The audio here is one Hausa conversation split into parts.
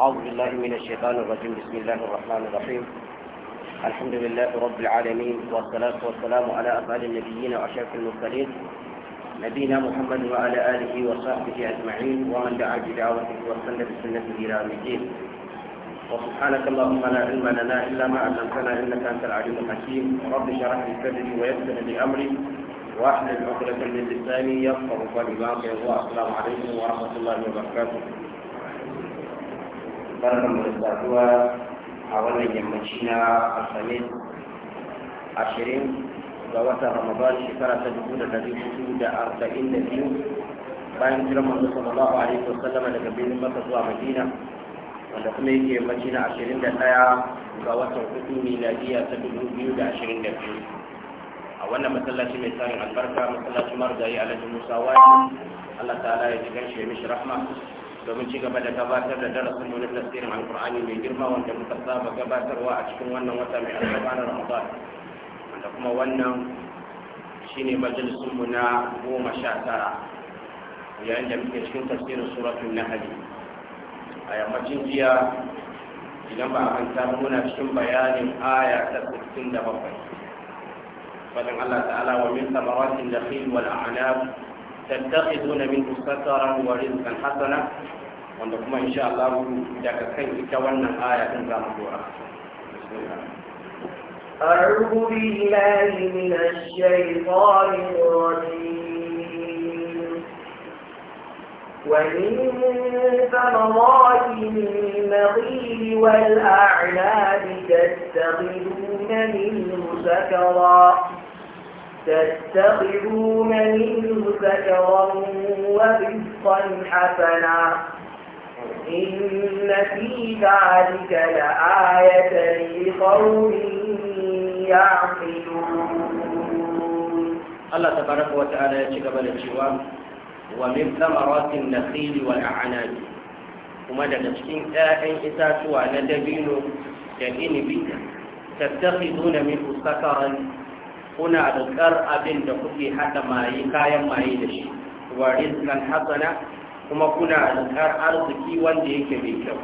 أعوذ بالله من الشيطان الرجيم بسم الله الرحمن الرحيم الحمد لله رب العالمين والصلاة والسلام على أفعال النبيين وأشرف المرسلين نبينا محمد وعلى آله وصحبه أجمعين ومن دعا بدعوته واستنى بسنته إلى الدين وسبحانك اللهم لا علم لنا إلا ما علمتنا إنك أنت العليم الحكيم رب اشرح لي صدري ويسر لي أمري واحلل عقدة من لساني يفقه قولي باقي والسلام عليكم ورحمة الله وبركاته barkan mu saduwa a wannan yammaci na alhamis ashirin ga wata ramadan shekara ta dubu da dari hudu da arba'in da biyu bayan jiran manzo sallallahu alaihi wa sallama daga birnin maka zuwa madina wanda kuma yake yammaci na ashirin da ɗaya ga watan hudu miladiya ta dubu biyu da ashirin da biyu a wannan masallaci mai tsarin albarka masallacin marigayi alhaji musa wani allah ta'ala ya ji ganshi ya mishi rahma domin ci gaba da gabatar da darasin mu na tafsirin alkur'ani mai girma wanda muka saba gabatarwa a cikin wannan wata mai albarka na ramadan wanda kuma wannan shine majalisun mu na goma sha tara yayin da muke cikin tasirin suratul nahali a yammacin jiya idan ba a manta muna cikin bayanin aya ta 67 fadin Allah ta'ala wa min samaratin dakhil wal a'nab تتخذون منه سكرا ورزقا حسنا wanda kuma insha Allah daga kan ita wannan aya din za mu dora أعوذ بالله من الشيطان الرجيم ومن ثمرات المغيب والأعناب تتخذون منه سكرا تتخذون منه سكرا حسنا إن في ذلك لآية لقوم يعقلون الله تبارك وتعالى يتقبل الجواب ومن ثمرات النخيل والأعناب وما إساسوا على دبين ندبين كإنبي تتخذون منه سكرا هنا أذكر أبن abin حتى ما hada ما يدش ورزقا da kuma kuna inkar arziki wanda yake mai kyau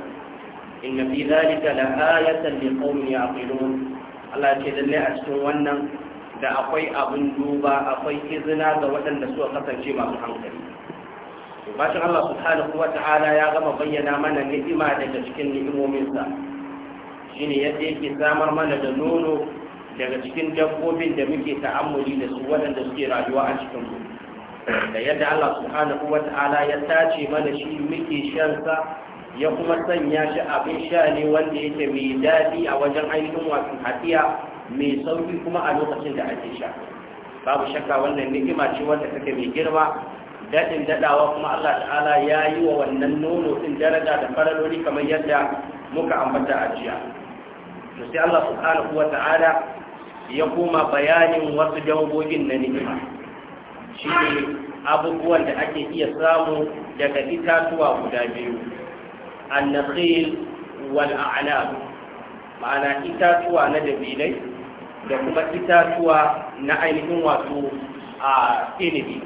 inna fi zalika la ayatan li qaumin yaqilun Allah ce lalle a cikin wannan da akwai abun duba akwai izina ga waɗanda suka kasance masu hankali bashin Allah subhanahu wata'ala ya gama bayyana mana ni'ima daga cikin ni'imominsa shine yadda yake samar mana da nono daga cikin dabbobin da muke ta'ammuli da su waɗanda suke rayuwa a cikin mu da yadda Allah subhanahu wata'ala ya tace mana shi muke shan sa ya kuma sanya shi abin sha ne wanda yake mai dadi a wajen ainihin wasu hadiya mai sauki kuma a lokacin da ake sha babu shakka wannan ni'ima ce wanda take mai girma daɗin dadawa kuma Allah ta'ala ya yi wa wannan nono din daraja da faraloli kamar yadda muka ambata a jiya to sai Allah subhanahu wa ya koma bayanin wasu dangogin na ni'ima shi ne abubuwan da ake iya samu daga itatuwa guda biyu annakhil wal a'lam ma'ana itatuwa na dabilai da kuma itatuwa na ainihin wato a inibi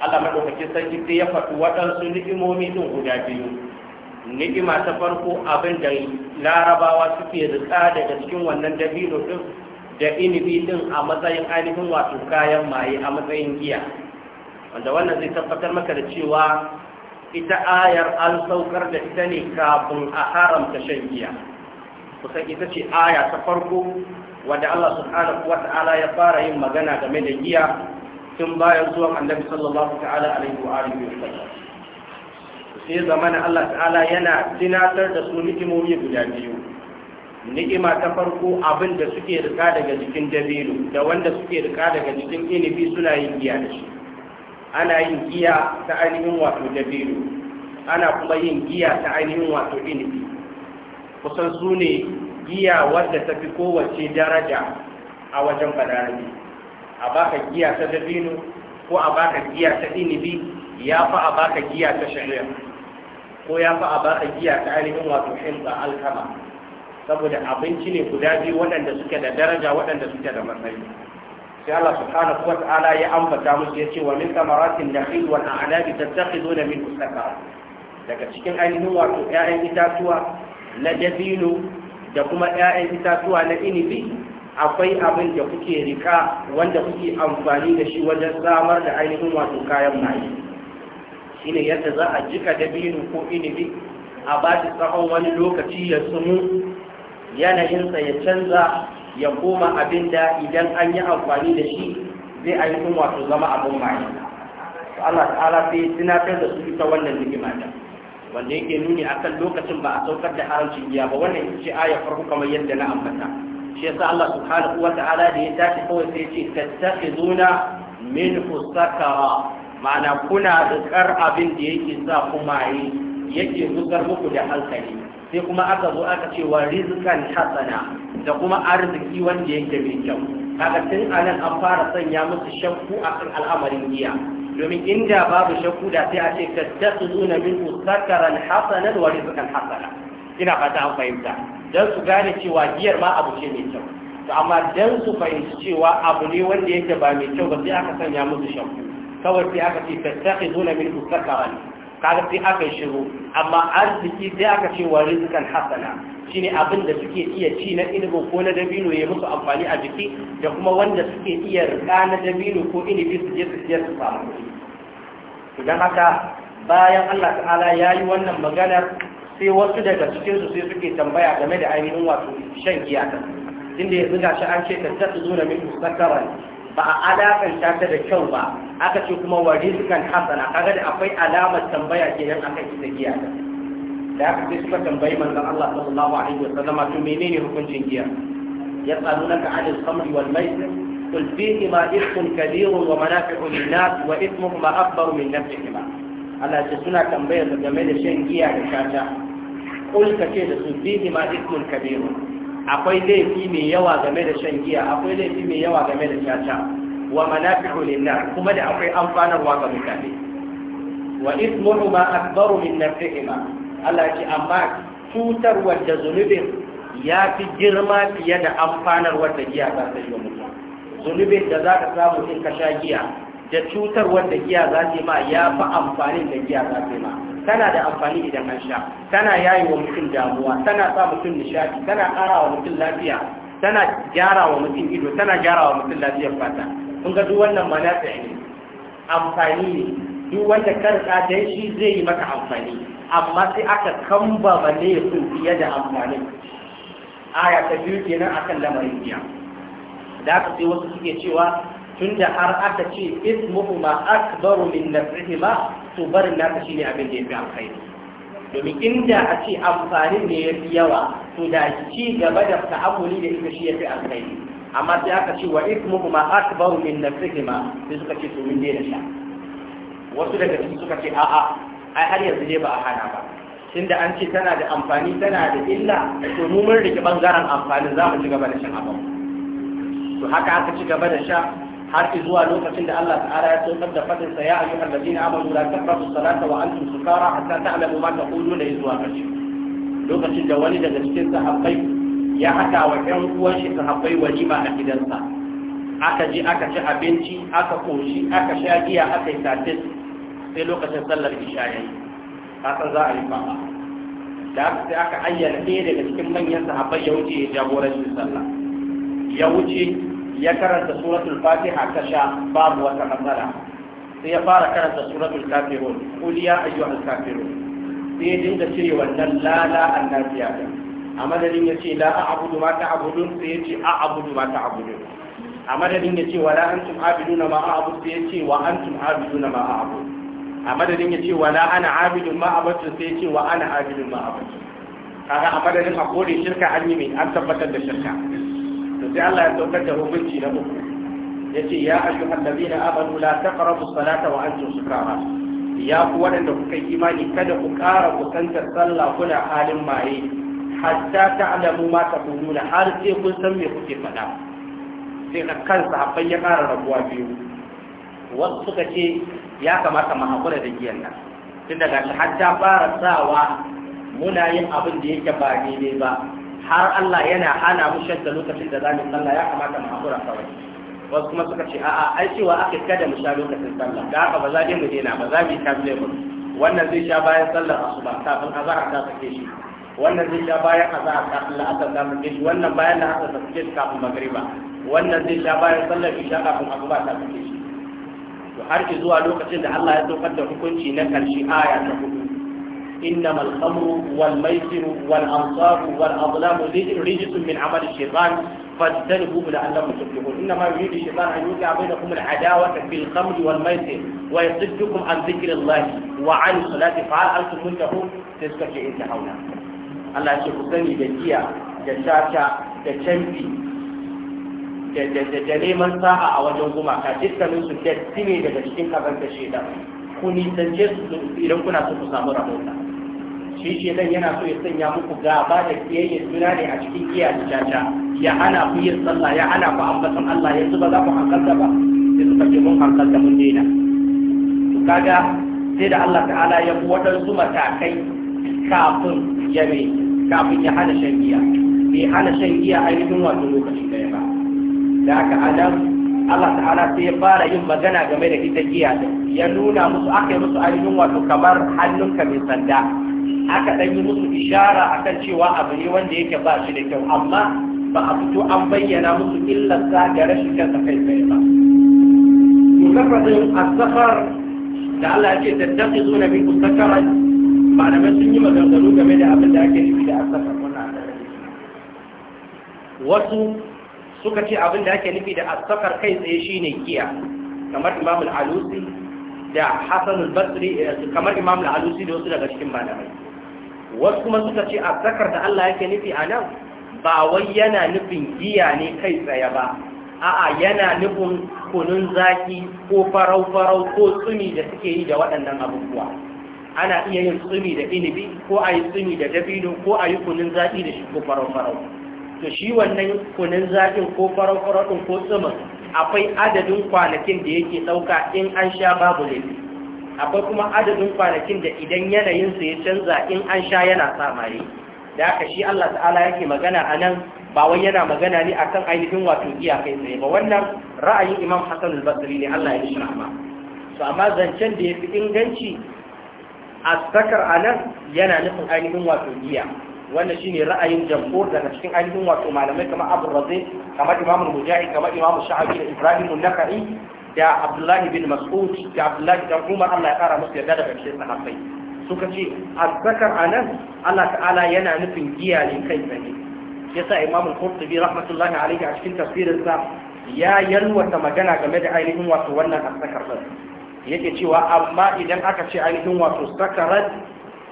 Allah madaukakin sarki sai ya faɗi waɗansu ni'imomi ɗin guda biyu ni'ima ta farko abin da larabawa suke rika daga cikin wannan dabino ɗin da inibi din a matsayin ainihin wato kayan maye a matsayin giya wanda wannan zai tabbatar maka da cewa ita ayar an saukar da ita ne kafin a haramta shan giya kusan ita ce aya ta farko wadda Allah subhanahu wa ta'ala ya fara yin magana game da giya tun bayan zuwan annabi sallallahu ta'ala alaihi wa alihi wa sallam sai zamanin Allah ta'ala yana tunatar da su ni'imomi guda biyu ni'ima ta farko abin da suke rika daga jikin dabino da wanda suke rika daga jikin inibi suna yin giya da shi ana yin giya ta ainihin wato dabino ana kuma yin giya ta ainihin wato inibi kusan su ne giya wadda ta fi kowace daraja a wajen fadarabi a baka giya ta dabino ko a baka giya ta inibi ya fi a baka giya ta shari'a ko ya fi a baka giya ta ainihin wato hinda alkama saboda abinci ne guda biyu waɗanda suke da daraja waɗanda suke da matsayi sai Allah subhanahu wa ta'ala ya ambata musu ya ce wa min samaratin nakhil wal a'nabi tattakhiduna min sakar daga cikin ainihin wato ƴaƴan itatuwa na dabino da kuma ƴaƴan itatuwa na inibi akwai abin da kuke rika wanda kuke amfani da shi wajen samar da ainihin wato kayan maye shine yadda za a jika dabino ko inibi a ba shi tsawon wani lokaci ya sumu yanayinsa ya canza ya koma abin da idan an yi amfani da shi zai a yi kun wato zama abin maye Allah ta'ala sai tunatar da su ita wannan ni'ima da wanda yake nuni a kan lokacin ba a saukar da haramcin giya ba wannan ita ce aya farko kamar yadda na ambata shi yasa Allah subhanahu wata'ala da ya tashi kawai sai ce tattakhizuna minhu sakara ma'ana kuna da abin da yake sa kuma yake zugar muku da hankali sai kuma aka zo aka ce wa rizqan hasana da kuma arziki wanda yake mai kyau kaga tun anan an fara sanya musu shakku akan al'amarin giya domin inda babu shakku da sai a ce ka tattakhuzuna min sakaran hasanan wa rizqan hasana ina fata an fahimta dan su gane cewa giyar ma abu ce mai kyau to amma dan su fahimci cewa abu ne wanda yake ba mai kyau ba sai aka sanya musu shakku kawai sai aka ce ka zuna minhu sakaran kaga sai aka yi shiru amma arziki sai aka ce wa rizqan hasana shine abin da suke iya ci na inibi ko na dabino ya musu amfani a jiki da kuma wanda suke iya rika na dabino ko inibi su je su siyar su samu kuɗi to dan haka bayan Allah ta'ala ya yi wannan magana sai wasu daga cikin su sai suke tambaya game da ainihin wato shan giya din inda yanzu gashi an ce ta tsu na min musakkaran ba a alakanta ta da kyau ba aka ce kuma wa rizqan hasana kaga da akwai alamar tambaya kenan aka ita giya da aka ce suka tambayi manzon Allah sallallahu alaihi wasallam to menene hukuncin giya Ya yas'alunaka 'anil khamri wal maisir قل فيهما إثم wa ومنافع للناس وإثمهما أكبر من نفعهما Allah ce suna tambayar game da shan giya da shata kul ka ce da su fihi ma ismun kabiru akwai laifi mai yawa game da shan giya akwai laifi mai yawa game da caca wa manafi'u lillah kuma da akwai amfanarwa ga mutane wa ismuhu ma akbaru min ma Allah ya ce amma cutarwar da zunubin ya fi girma fiye da amfanarwa da giya za ta yi wa zunubin da za ka samu in ka sha giya da cutarwar da giya za ta yi ma ya fi amfanin da giya za ta yi ma tana da amfani idan an sha tana yayi wa mutum damuwa tana sa mutum nishadi tana ƙara wa mutum lafiya tana gyara wa mutum ido tana gyara wa mutum lafiyar fata kun ga duk wannan na ne amfani ne duk wanda karka dan shi zai yi maka amfani amma sai aka kamba ba ne fiye da amfani aya ta biyu kenan akan lamarin biya da aka sai wasu suke cewa tunda har aka ce ismuhuma akbaru min nafsihima to barin naka shine abin da yafi alkhairi domin inda a ce amfanin ne yafi yawa to da ci gaba da ta'amuli da ita shi yafi alkhairi amma sai aka ce wa ismuhuma akbaru min nafsihima sai suka ce to mun daina sha wasu daga cikin suka ce a'a ai har yanzu dai ba a hana ba tunda an ce tana da amfani tana da illa to mu mun rike bangaren amfanin za mu ci gaba da shan abin to haka aka ci gaba da sha har zuwa lokacin da Allah ta'ala ya saukar da fadin sa ya ayyuhal ladina amanu la taqrabu salata wa antum sukara hatta ta'lamu ma taquluna zuwa kashi lokacin da wani daga cikin sahabbai ya hada wa ɗan uwan shi sahabbai walima a gidansa aka je aka ci abinci aka koshi aka sha giya aka yi tatis sai lokacin sallar isha yayi kasan za a yi fama da aka sai aka ayyana ɗaya daga cikin manyan sahabbai ya wuce ya jagorancin sallah ya wuce ya karanta suratul fatiha ta sha babu wata matsala sai ya fara karanta suratul kafirun qul ya ayyuhal kafirun sai ya dinga cire wannan lala annabiya a madadin ya ce la a'budu ma ta ta'budun sai ya ce a a'budu ma ta ta'budun a madadin ya ce wa wala antum abiduna ma a abu? sai ya ce wa antum abiduna ma a'budu a madadin ya ce wa la ana abidun ma abatu sai ya ce wa ana abidun ma abatu kaga a madadin a kore shirka an yi mai an tabbatar da shirka to sai Allah ya saukar da hukunci na uku ce ya ayyuhal ladina amanu la taqrabu salata wa antum sukara ya ku waɗanda kuka yi imani kada ku ƙara kusantar sallah kuna halin maye hatta ta'lamu ma taquluna har sai kun san me kuke faɗa sai ka kansa haɓɓan ya ƙara rabuwa biyu wasu suka ce ya kamata mu haƙura da giyan nan tun daga hatta fara sawa muna yin abin da yake ba daidai ba har Allah yana hana mu shadda lokacin da zamu sallah ya kamata mu hakura kawai wasu kuma suka ce a'a ai cewa ake kada mu sha lokacin sallah da haka ba za mu dena ba za mu ta bile mu wannan zai sha bayan sallar asuba kafin azhar ta sake shi wannan zai sha bayan azhar kafin la'asar ta sake shi wannan bayan la'asar ta sake shi kafin magriba wannan zai sha bayan sallar isha kafin asuba ta sake shi to har ki zuwa lokacin da Allah ya saukar da hukunci na karshe aya ta إنما الخمر والميسر والأنصار والأظلام رجس من عمل الشيطان فاجتنبوه لعلكم تفلحون إنما يريد الشيطان أن يوقع بينكم العداوة في الخمر والميسر ويصدكم عن ذكر الله وعن الصلاة فهل أنتم منتهون تسكت انتهونا Allah ce ku sani da giya da shata da canfi da neman sa'a a wajen gumaka dukkanin su datti ne daga cikin kazan da shaida ku nisance su idan kuna so ku samu rahota shi ce dan yana so ya sanya muku gaba da kiyayya suna ne a cikin iya da caca ya hana ku yin sallah ya hana ku ambaton Allah yanzu ba za ku hankalta ba sai suka ce mun hankalta mun daina to kaga sai da Allah ta'ala ya bu wadansu matakai kafin ya me kafin ya hana shan giya bai hana shan giya ainihin wato lokaci ɗaya ba da haka adam Allah ta'ala sai ya fara yin magana game da ita giya ya nuna musu aka yi musu ainihin wato kamar hannunka mai sanda aka ɗan yi musu ishara akan cewa abu ne wanda yake ba shi da kyau amma ba a fito an bayyana musu illarsa da rashin kansa kai tsaye ba. a asafar da Allah ya ce tattaki zuwa bin kusakarar malamai sun yi maganganu game da abin da ake nufi da asafar wannan Wasu suka ce abin da ake nufi da asafar kai tsaye shine giya kamar imamul alusi da al basri eh, kamar imam al-alusi da wasu daga cikin malamai wasu kuma suka ce a zakar da Allah yake nufi a nan ba wai yana nufin giya ne kai tsaye ba a'a yana nufin kunun zaki ko farau-farau ko tsumi da suke yi da waɗannan abubuwa ana iya yin tsumi da inibi ko a yi tsumi da dabino ko a yi kunun zaki da shi ko farau-farau to shi wannan kunun zakin ko farau-farau ko tsumin akwai adadin kwanakin da yake ɗauka in an sha babu laifi akwai kuma adadin kwanakin da idan yanayinsu ya canza in an sha yana samari da aka shi Allah ta'ala yake magana anan, nan ba wai yana magana ne akan ainihin wato iyakai tsaye ba wannan ra'ayin imam hassan al-basri ne Allah ya yi ma to amma zancen da ya fi inganci a sakar a nan yana nufin ainihin wato giya wannan shine ra'ayin jamhur daga cikin ainihin wato malamai kamar Abu Razi kamar Imam Mujahid kamar Imam Shafi da Ibrahim an da Abdullahi bin Mas'ud da Abdullahi bin Umar Allah ya kara musu yarda daga cikin sahabbai suka ce azzakar anan Allah ta'ala yana nufin giya ne kai tsaye yasa Imam Qurtubi rahmatullahi alaihi a cikin tafsirinsa ya yalwata magana game da ainihin wato wannan azzakar din yake cewa amma idan aka ce ainihin wato sakarat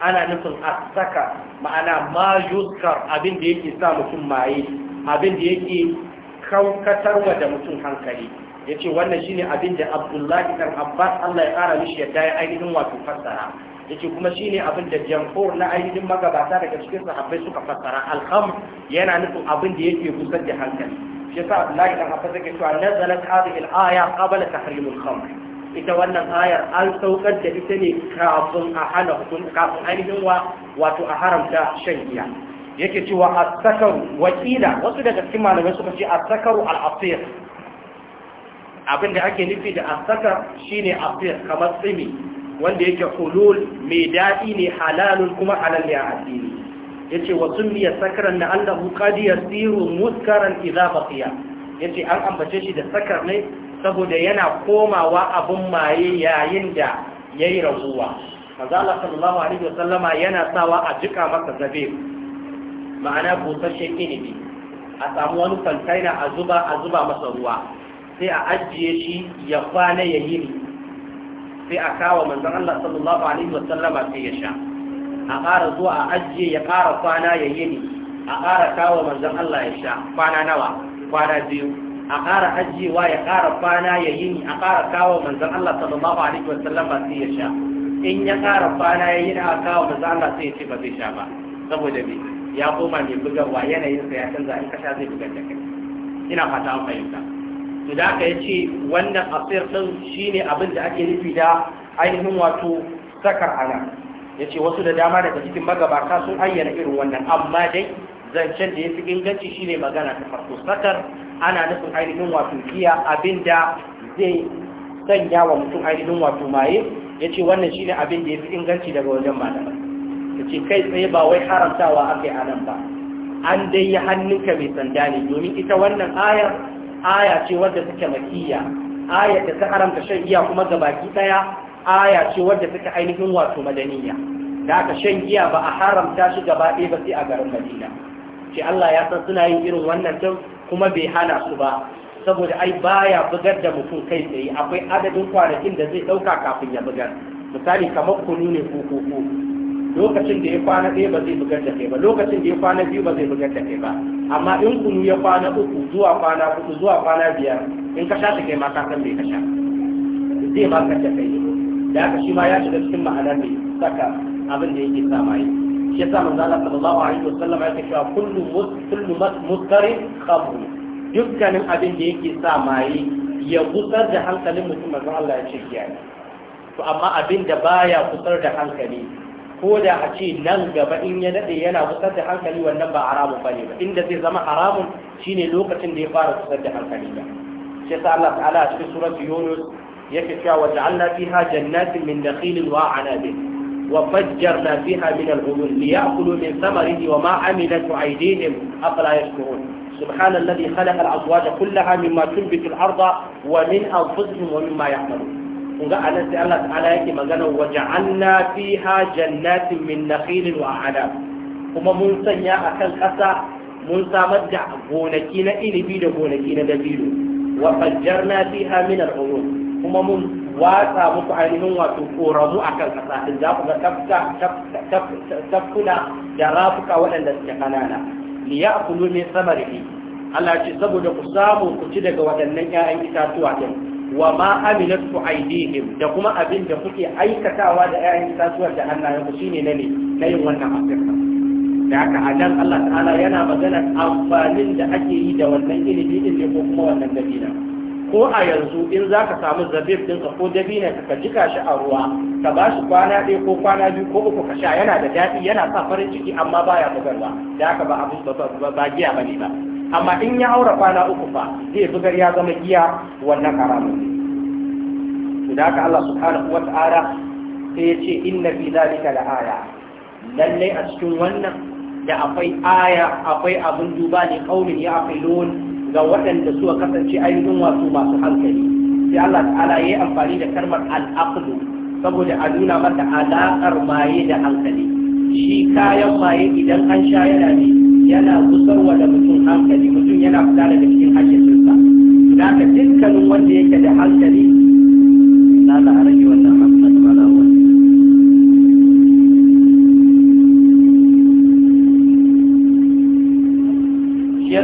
ana nufin a saka ma'ana ma yuskar abin da yake sa mutum maye abin da yake kaukatarwa da mutum hankali ya ce wannan ne abin da abdullahi dan abbas allah ya ƙara mishi yadda ya ainihin wato fassara ya ce kuma ne abin da jamhur na ainihin magabata daga cikin sahabbai suka fassara alham yana nufin abin da yake gusar da hankali shi yasa abdullahi dan abbas yake cewa nazalat hadhihi al-aya qabla tahrimul khamr ita wannan ayar an saukar da ita ne kafin a hana kafin ainihin wa wato a haramta shan giya yake cewa as-sakaru wakila wasu daga cikin malamai suka ce asakar al abin da ake nufi da asakar sakar shine asir kamar tsimi wanda yake hulul mai daɗi ne halalun kuma halal ya asiri yace wa sumiya sakaran na allah qad yasiru muskaran idza baqiya yace an ambace shi da sakar ne saboda yana komawa abin maye yayin da ya yi raguwa mazala sallallahu alaihi wasallama yana sawa a jika masa zabe ma'ana busasshen inibi a samu wani kwantaina a zuba a zuba masa ruwa sai a ajiye shi ya kwana ya yini sai a kawo manzan Allah sallallahu alaihi wasallama sai ya sha a ƙara zuwa a ajiye ya ƙara kwana ya yini a ƙara kawo manzan Allah ya sha kwana nawa kwana biyu a ƙara ajiyewa ya ƙara kwana ya yi ni a ƙara kawo manzan Allah sallallahu alaihi wasallam ba sai ya sha in ya ƙara kwana ya yi a kawo manzan Allah sai ya ce ba zai sha ba saboda me ya koma mai bugarwa yanayinsa ya canza in ka sha zai bugar da kai ina fata an fahimta to da aka yace wannan asir din shine abin da ake nufi da ainihin wato sakar ana yace wasu da dama daga cikin magabata sun ayyana irin wannan amma dai zancen da ya fi inganci shine magana ta farko sakar ana nufin ainihin wato giya abinda zai sanya wa mutum ainihin wato maye ya ce wannan ne abin da ya fi inganci daga wajen malamai ya ce kai tsaye ba wai haramtawa aka yi a nan ba an dai yi hannunka mai sanda ne domin ita wannan ayar aya ce wadda suke makiya aya da ta haramta shan giya kuma ga baki daya aya ce wadda suke ainihin wato madaniya da aka shan giya ba a haramta shi gaba ɗaya ba sai a garin madina ce Allah ya san suna yin irin wannan tun kuma bai hana su ba saboda ai baya bugar da mutum kai tsaye akwai adadin kwanakin da zai ɗauka kafin ya bugar misali kamar kunu ne ko ko ko lokacin da ya kwana ɗaya ba zai bugar da kai ba lokacin da ya kwana biyu ba zai bugar da kai ba amma in kunu ya kwana uku zuwa kwana uku zuwa kwana biyar in ka sha kai ma ka san bai ka sha zai ma ka ta kai da haka shi ma ya shiga cikin ma'anar ne saka abin da yake sa mai shi yasa manzo Allah sallallahu alaihi wasallam ya ce kullu kullu muskarin khamru dukkanin abin da yake sa maye ya gusar da hankalin mutum manzo Allah ya ce kiyaye to amma abin da baya gusar da hankali ko da a ce nan gaba in ya dade yana kusa da hankali wannan ba haramun ba ne ba inda zai zama haramun shine lokacin da ya fara kusa da hankali ba shi yasa Allah ta'ala a cikin surat Yunus yake cewa wa ja'alna fiha jannatin min dakhilin wa anabin وفجرنا فيها من العيون ليأكلوا من ثمره وما عملته أيديهم أفلا يشكرون سبحان الذي خلق الأزواج كلها مما تنبت الأرض ومن أنفسهم ومما يعملون kunga a nan sai Allah ta'ala yake magana wa ja'alna fiha jannatin min nakhilin wa anab kuma mun sanya akan ƙasa mun samar da gonaki na inibi da gonaki na dabino wa fajjarna fiha min al kuma mun watsa muku ainihin wato koramu a kan ƙasa din za ku ga tafkuna da rafuka waɗanda suke kanana li ya akulu min samarihi Allah ce saboda ku samu ku ci daga waɗannan 'ya'yan itatuwa din wa ma amilat ku aidihim da kuma abin da kuke aikatawa da 'ya'yan itatuwar da hannayen ku shine na ne na yin wannan afirka da haka a nan Allah ta'ala yana maganar amfanin da ake yi da wannan ilimi din ne ko kuma wannan dabina ko a yanzu in za ka samu zabib ɗinka ko dabinan ka jika shi a ruwa ka ba shi kwana ɗaya ko kwana biyu ko uku ka sha yana da daɗi yana sa farin ciki amma baya bugarwa da haka ba abin ba ba ba giya bane ba amma in ya aura kwana uku fa zai bugar ya zama giya wannan karamin ne to da haka Allah subhanahu wata'ala sai ya ce inna fi zalika la aya lallai a cikin wannan da akwai aya akwai abin duba ne kaumin ya akwai lon ga waɗanda suka kasance ainihin wasu masu hankali sai Allah ta'ala ya yi amfani da kalmar al'aqlu saboda a nuna mata alaƙar maye da hankali shi kayan maye idan an sha yana ne yana gusarwa da mutum hankali mutum yana fita daga cikin hankalinsa da ka dukkanin wanda yake da hankali na da rage wannan hankali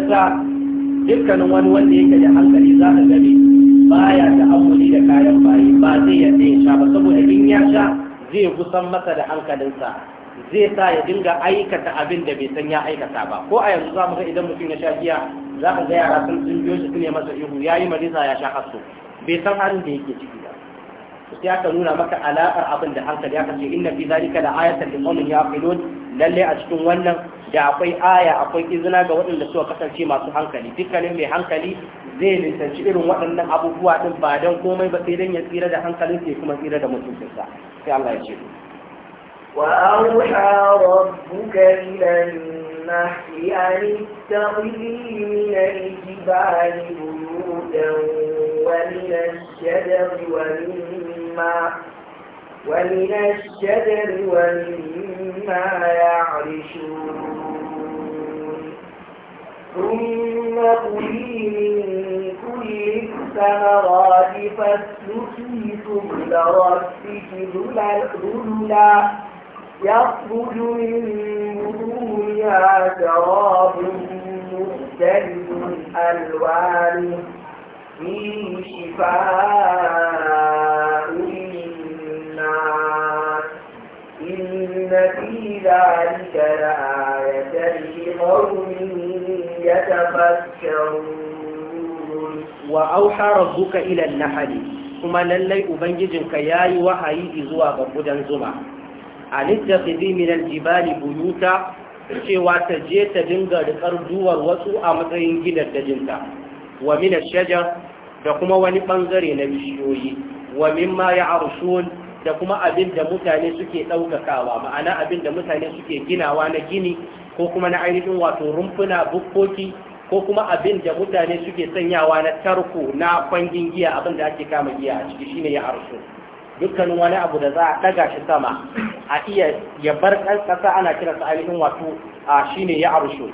ba dukkanin wani wanda ya da hankali za ka ba baya da amuli da kayan bayi ba zai yadda ya sha ba saboda in ya sha zai kusan masa da hankalinsa zai sa ya dinga aikata abin da bai san ya aikata ba ko a yanzu za mu ga idan mutum ya sha giya za ka ga yara sun sun biyo shi su ne masa ihu ya yi malisa ya sha hasso bai san halin da yake ciki ba sai aka nuna maka alaƙar abin da hankali aka ce inna fi zalika la ayatan lil qaumin yaqilun lalle a cikin wannan da akwai aya akwai izina ga waɗanda suka kasance masu hankali dukkanin mai hankali zai nisanci irin waɗannan abubuwa din ba don komai ba sai don ya tsira da hankalin sai kuma tsira da mutuncinsa sai Allah ya ce وأوحى ربك إلى النحل ومن الشجر ومما يعرشون ثم كلي من كل الثمرات فاسلكي سبل ربك ذللا يخرج من بطونها شراب مختلف ألوانه فيه شفاء للناس في ذلك لآية لقوم يتفكرون وأوحى ربك إلى النحل kuma lallai ubangijinka ya yi wahayi zuwa ga gudan zuma a nittafi minal jibali buyuta cewa ta je ta dinga rikar duwar wasu a matsayin gidan dajinta wa minas shajar da kuma wani bangare na bishiyoyi wa ma ya arshun da kuma abin da mutane suke ɗaukakawa ma'ana abin da mutane suke ginawa na gini ko kuma na ainihin wato rumfuna bukkoki ko kuma abin da mutane suke sanyawa na tarko na kwangin giya abin da ake kama giya a ciki shine ya arso. dukkanin wani abu da za a ɗaga shi sama a iya ya bar ƙasa ana kiransa ainihin wato a shine ya arso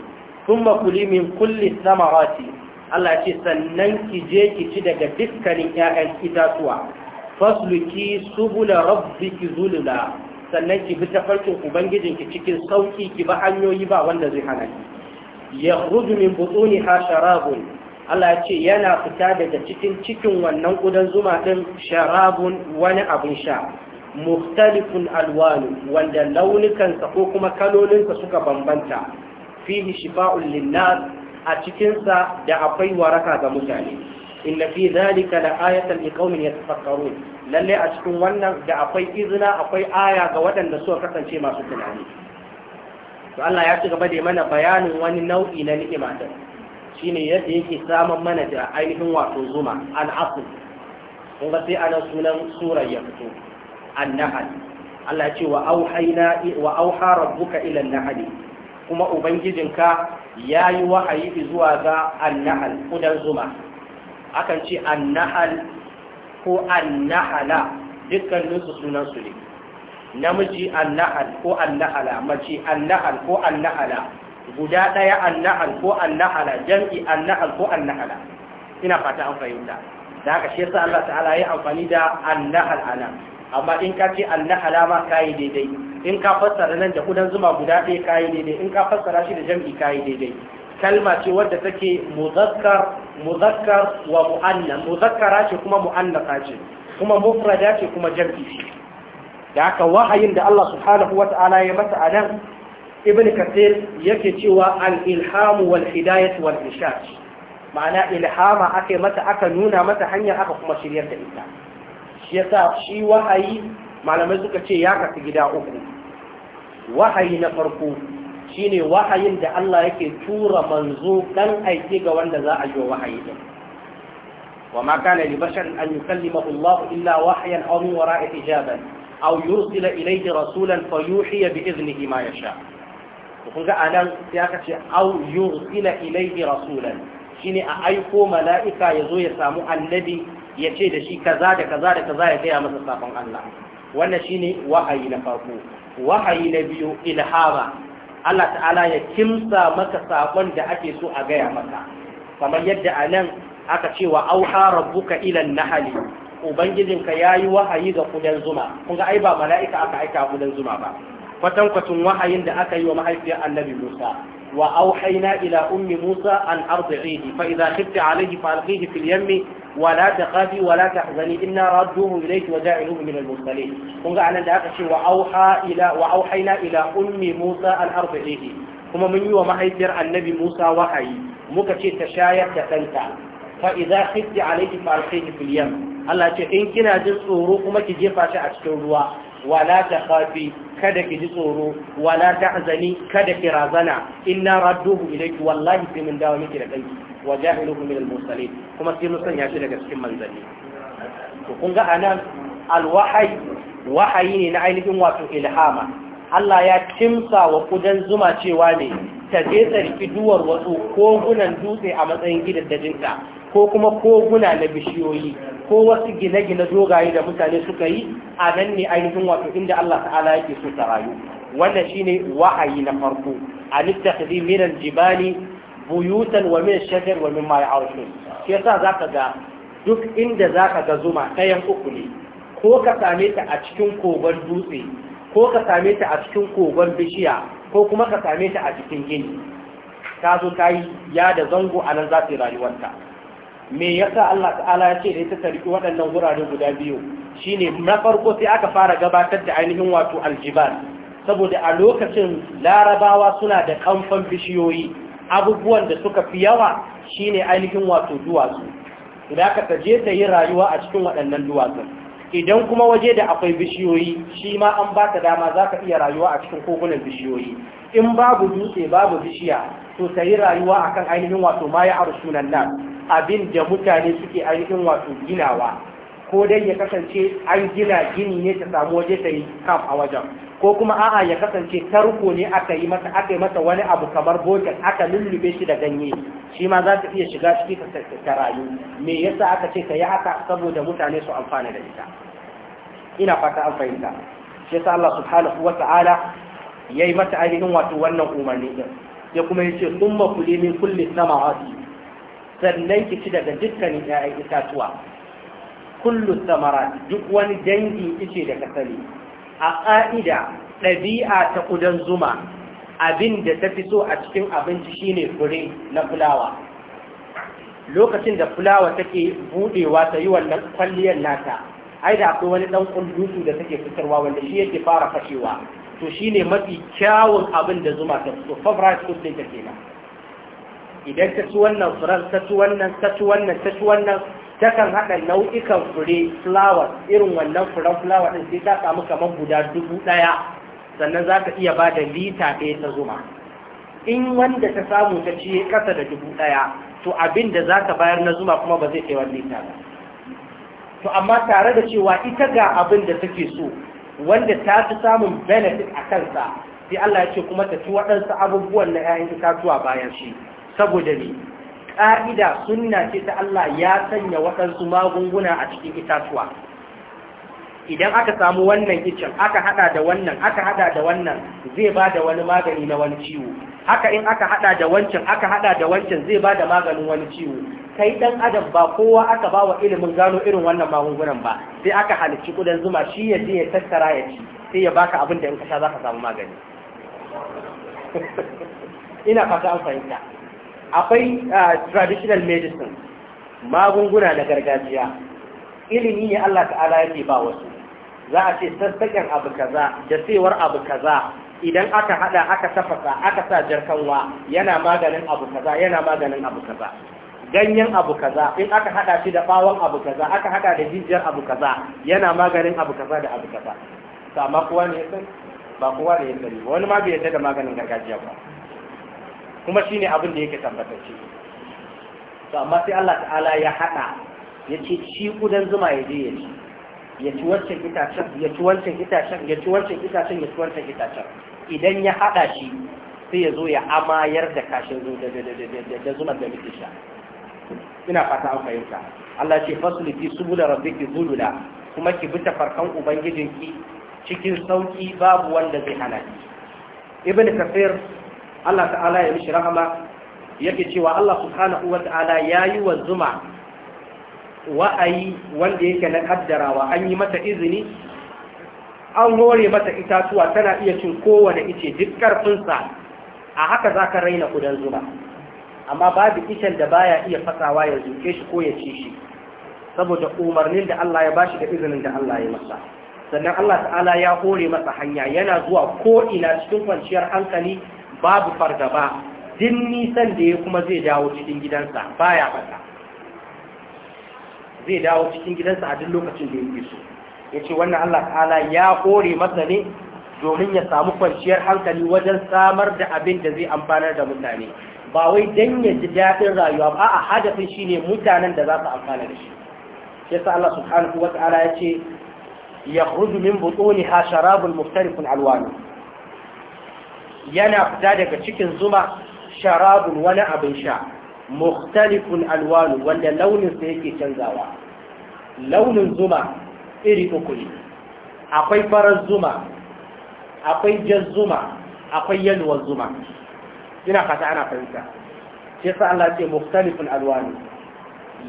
sun makuli min kulli samarati Allah ce sannan ki je ki ci daga dukkanin 'ya'yan itatuwa fasluki subula rabbiki zulula sannan ki bi tafarkin ki cikin sauki ki ba hanyoyi ba wanda zai hana ki yakhruju min ha sharabun Allah ce yana fita daga cikin cikin wannan kudan zuma din sharabun wani abin sha muftalifun alwanu wanda launukansa ko kuma sa suka bambanta fihi shifa'un linnas a cikinsa da akwai waraka ga mutane inna fi dhalika la ayatan liqaumin yatafakkarun lalle a cikin wannan da akwai izina akwai aya ga waɗanda suka kasance masu tunani to Allah ya ci gaba da mana bayanin wani nau'i na ni'ima din shine yadda yake samun mana da ainihin wato zuma al-asl kun ga sai ana sunan surar ya fito an-nahl Allah ya ce wa auhayna wa auha rabbuka ila an-nahl kuma ubangijinka yayi wahayi zuwa ga an-nahl kudan zuma akan ce annahal ko annahala dukkaninsu sunansu ne namiji annahal ko annahala mace annahal ko annahala guda ɗaya annahal ko annahala jam'i annahal ko annahala ina fata an fahimta da haka shi yasa Allah ta'ala ya amfani da annahal ana amma in ka ce annahala ma kai daidai in ka fassara nan da kudan zuma guda ɗaya kai daidai in ka fassara shi da jam'i kai daidai kalma ce wadda take muzakkar muzakkar wa mu'anna muzakkara ce kuma mu'annaka ce kuma mufrada ce kuma jam'i da aka wahayin da Allah subhanahu wata'ala ya masa nan. ibn kathir yake cewa al ilhamu wal hidayatu wal irshad ma'ana ilhama aka mata aka nuna mata hanya aka kuma shiryar da ita shi yasa shi wahayi malamai suka ce ya kasi gida uku wahayi na farko shine wahayin da Allah yake tura manzo dan aiki ga wanda za a yi wahayi din wa ma kana li basharin an yukallimahu Allah illa wahyan aw min wara'i hijaban aw yursila ilayhi rasulan fayuhiya bi idnihi ma yasha kun ga anan sai aka ce aw yursila ilayhi rasulan shine a aiko mala'ika yazo ya samu annabi ya ce da shi kaza da kaza da kaza ya gaya masa safan Allah wannan shine wahayi na farko wahayi na biyu ilhama Allah ta'ala ya kimsa maka saƙon da ake so a gaya maka kamar yadda a nan aka ce wa auha rabbuka ilan nahali ubangijinka ya yi wahayi ga kudan zuma kun ga ai ba mala'ika aka aika kudan zuma ba kwatankwacin wahayin da aka yi wa mahaifiyar annabi musa wa auhaina ila ummi musa an arzihi fa idza khifti alayhi fa alqihi fil yammi wala takhafi wala tahzani inna radduhu ilayki wa ja'iluhu min al-mursalin kun ga anan da aka ce wa auha ila wa ila ummi musa an arbihi kuma mun yi wa mahaifiyar annabi musa wahayi muka ce ta shayar da ɗanta faida idza khifti alayki fa alqihi fil yam Allah ce in kina jin tsoro kuma ki jefa shi a cikin ruwa wala takhafi kada ki ji tsoro wala kada ki razana inna wallahi sai mun dawo miki da ɗanki wa jahiluhu min mursalin kuma sai mun sanya shi daga cikin manzanni to kun ga anan al wahayi ne na ainihin wato ilhama Allah ya kimsa wa kudan zuma cewa ne ta je tsarki duwar wasu kogunan dutse a matsayin gidan dajinta, ko kuma koguna na bishiyoyi ko wasu gine-gine dogaye da mutane suka yi a nan ne ainihin wato inda Allah ta'ala yake so ta rayu wannan shine wahayi na farko an tattakhidhi jibali buyutan wa min shajar wa min mai arshin shi yasa zaka ga duk inda zaka ga zuma kayan uku ne ko ka same ta a cikin kogon dutse ko ka same ta a cikin kogon bishiya ko kuma ka same ta a cikin gini ta zo ta yi ya da zango a nan za ta yi rayuwarta me yasa Allah ta'ala ya ce da ita tariki waɗannan wurare guda biyu shine na farko sai aka fara gabatar da ainihin wato aljibar saboda a lokacin larabawa suna da kamfan bishiyoyi abubuwan da suka fi yawa shine ainihin wato duwatsu idan ka taje ta yi rayuwa a cikin waɗannan duwatsun idan kuma waje da akwai bishiyoyi shi ma an ba ta dama za ka iya rayuwa a cikin kogunan bishiyoyi in babu dutse babu bishiya to ta yi rayuwa a kan ainihin wato ma ya arshunan nan abin da mutane suke ainihin wato ginawa ko dai ya kasance an gina gini ne ta samu waje ta yi kaf a wajen ko kuma a'a ya kasance tarko ne aka yi masa aka yi masa wani abu kamar bokin aka lullube shi da ganye shi ma za ta iya shiga ciki ta rayu me yasa aka ce ka yi haka saboda mutane su amfana da ita ina fata an fahimta shi yasa Allah subhanahu wa ta'ala yayi mata ainihin wato wannan umarni din ya kuma yace summa kuli min kulli samawati sannan ki ci daga dukkanin 'ya'yan itatuwa kullu samara duk wani dangi ice da kasali a ƙa'ida ɗabi'a ta ƙudan zuma abin da ta fi so a cikin abinci shine fure na fulawa lokacin da fulawa take buɗewa ta yi wannan kwalliyar nata ai da akwai wani ɗan ƙullutu da take fitarwa wanda shi yake fara fashewa to shine mafi kyawun abin da zuma ta so favorite food ɗin ta kenan idan ta ci wannan furan ta ci wannan ta ci wannan ta ci wannan takan haɗa nau'ikan fure flower irin wannan furen flower ɗin sai ta samu kamar guda dubu ɗaya sannan za ka iya ba da lita ɗaya ta zuma in wanda ta samu ta ciye ƙasa da dubu ɗaya to abin da za ka bayar na zuma kuma ba zai kai wani lita ba to amma tare da cewa ita ga abin da take so wanda ta fi samun benefit a kansa sai Allah ya ce kuma ta ci waɗansu abubuwan na 'ya'yan itatuwa bayan shi saboda ne ƙa'ida suna ce ta Allah ya sanya waɗansu magunguna a cikin itatuwa idan aka samu wannan kicin aka hada da wannan aka hada da wannan zai ba da wani magani na wani ciwo haka in aka hada da wancan aka hada da wancan zai ba da maganin wani ciwo kai ɗan adam ba kowa aka ba wa ilimin gano irin wannan magungunan ba sai aka halicci kudan zuma shi ya je ya tattara ya ci sai ya baka abin da in ka sha zaka samu magani ina fata an fahimta akwai ah, traditional medicine magunguna na gargajiya ilimi ne Allah ta'ala yake ba wasu za a ce sassaƙen abu kaza da cewar abu kaza idan aka hada aka tafasa aka sa jarkanwa yana maganin abu kaza yana maganin abu kaza ganyen abu kaza in aka hada shi da bawon abu kaza aka hada da jijiyar abu kaza yana maganin abu kaza da abu kaza ba kowa ne ya sani, ba kowa ne ya sani wani ma bai yadda da maganin gargajiya ba kuma shine abin da yake tabbatacce to amma sai Allah ta'ala ya hada ya ce shi kudan zuma ya je ya ci ya ci wancan itacen ya ci wancan itacen ya ci wancan itacen ya ci wancan itacen idan ya hada shi sai ya zo ya amayar da kashin zo da zuma da muke sha ina fata an fahimta Allah ce fasli fi ki rabbiki zulula kuma ki bita ta farkan ubangijinki cikin sauki babu wanda zai hana ki ibn kafir Allah ta'ala ya mishi rahama yake cewa Allah subhanahu wa ta'ala ya yi wa zuma wa'ayi wanda yake na kaddarawa an yi mata izini an hore mata itatuwa tana iya cin kowane ice duk karfinsa a haka za ka raina kudan zuma amma babu icen da baya iya fasawa ya zuke shi ko ya ci shi saboda umarnin da Allah ya bashi da izinin da Allah ya masa sannan Allah ta'ala ya hore masa hanya yana zuwa ko ina cikin kwanciyar hankali babu fargaba din nisan da ya kuma zai dawo cikin gidansa baya fata zai dawo cikin gidansa a duk lokacin da yake so yace wannan Allah ta'ala ya kore masa ne domin ya samu kwanciyar hankali wajen samar da abin da zai amfanar da mutane ba wai dan ya ji daɗin rayuwa ba a hadafin shine mutanen da za su amfana da shi yasa Allah subhanahu wa ta'ala yace yakhruju min butuniha sharabun mukhtalifun alwanu yana fita daga cikin zuma sharabun wani abin sha mukhtalifun alwanu wanda launinsa yake canzawa launin zuma iri uku ne akwai farar zuma akwai jan zuma akwai yaluwar zuma ina fata ana fahimta shi sa Allah ce mukhtalifun alwanu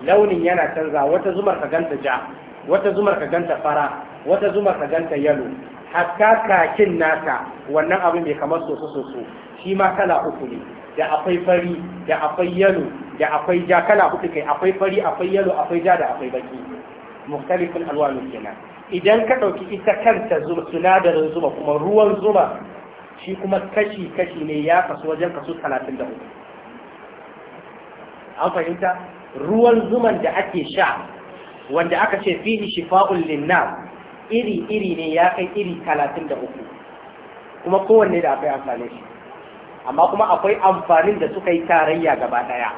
launin yana canza wata zumar ka ganta ja wata zumar ka ganta fara wata zumar ka ganta yalo hatta kakin nasa wannan abin mai kamar soso soso shi ma kala uku ne da akwai fari da akwai yalo da akwai ja kala uku kai akwai fari akwai yalo akwai ja da akwai baki mukhtalifin alwanu kenan idan ka dauki ita kanta sunadarin zuma kuma ruwan zuma shi kuma kashi kashi ne ya kasu wajen kaso 34 an fahimta ruwan zuman da ake sha wanda aka ce fihi shifa'un linnas iri-iri ne ya kai iri talatin da uku kuma kowanne da akwai amfani shi amma kuma akwai amfanin da suka yi tarayya gaba ɗaya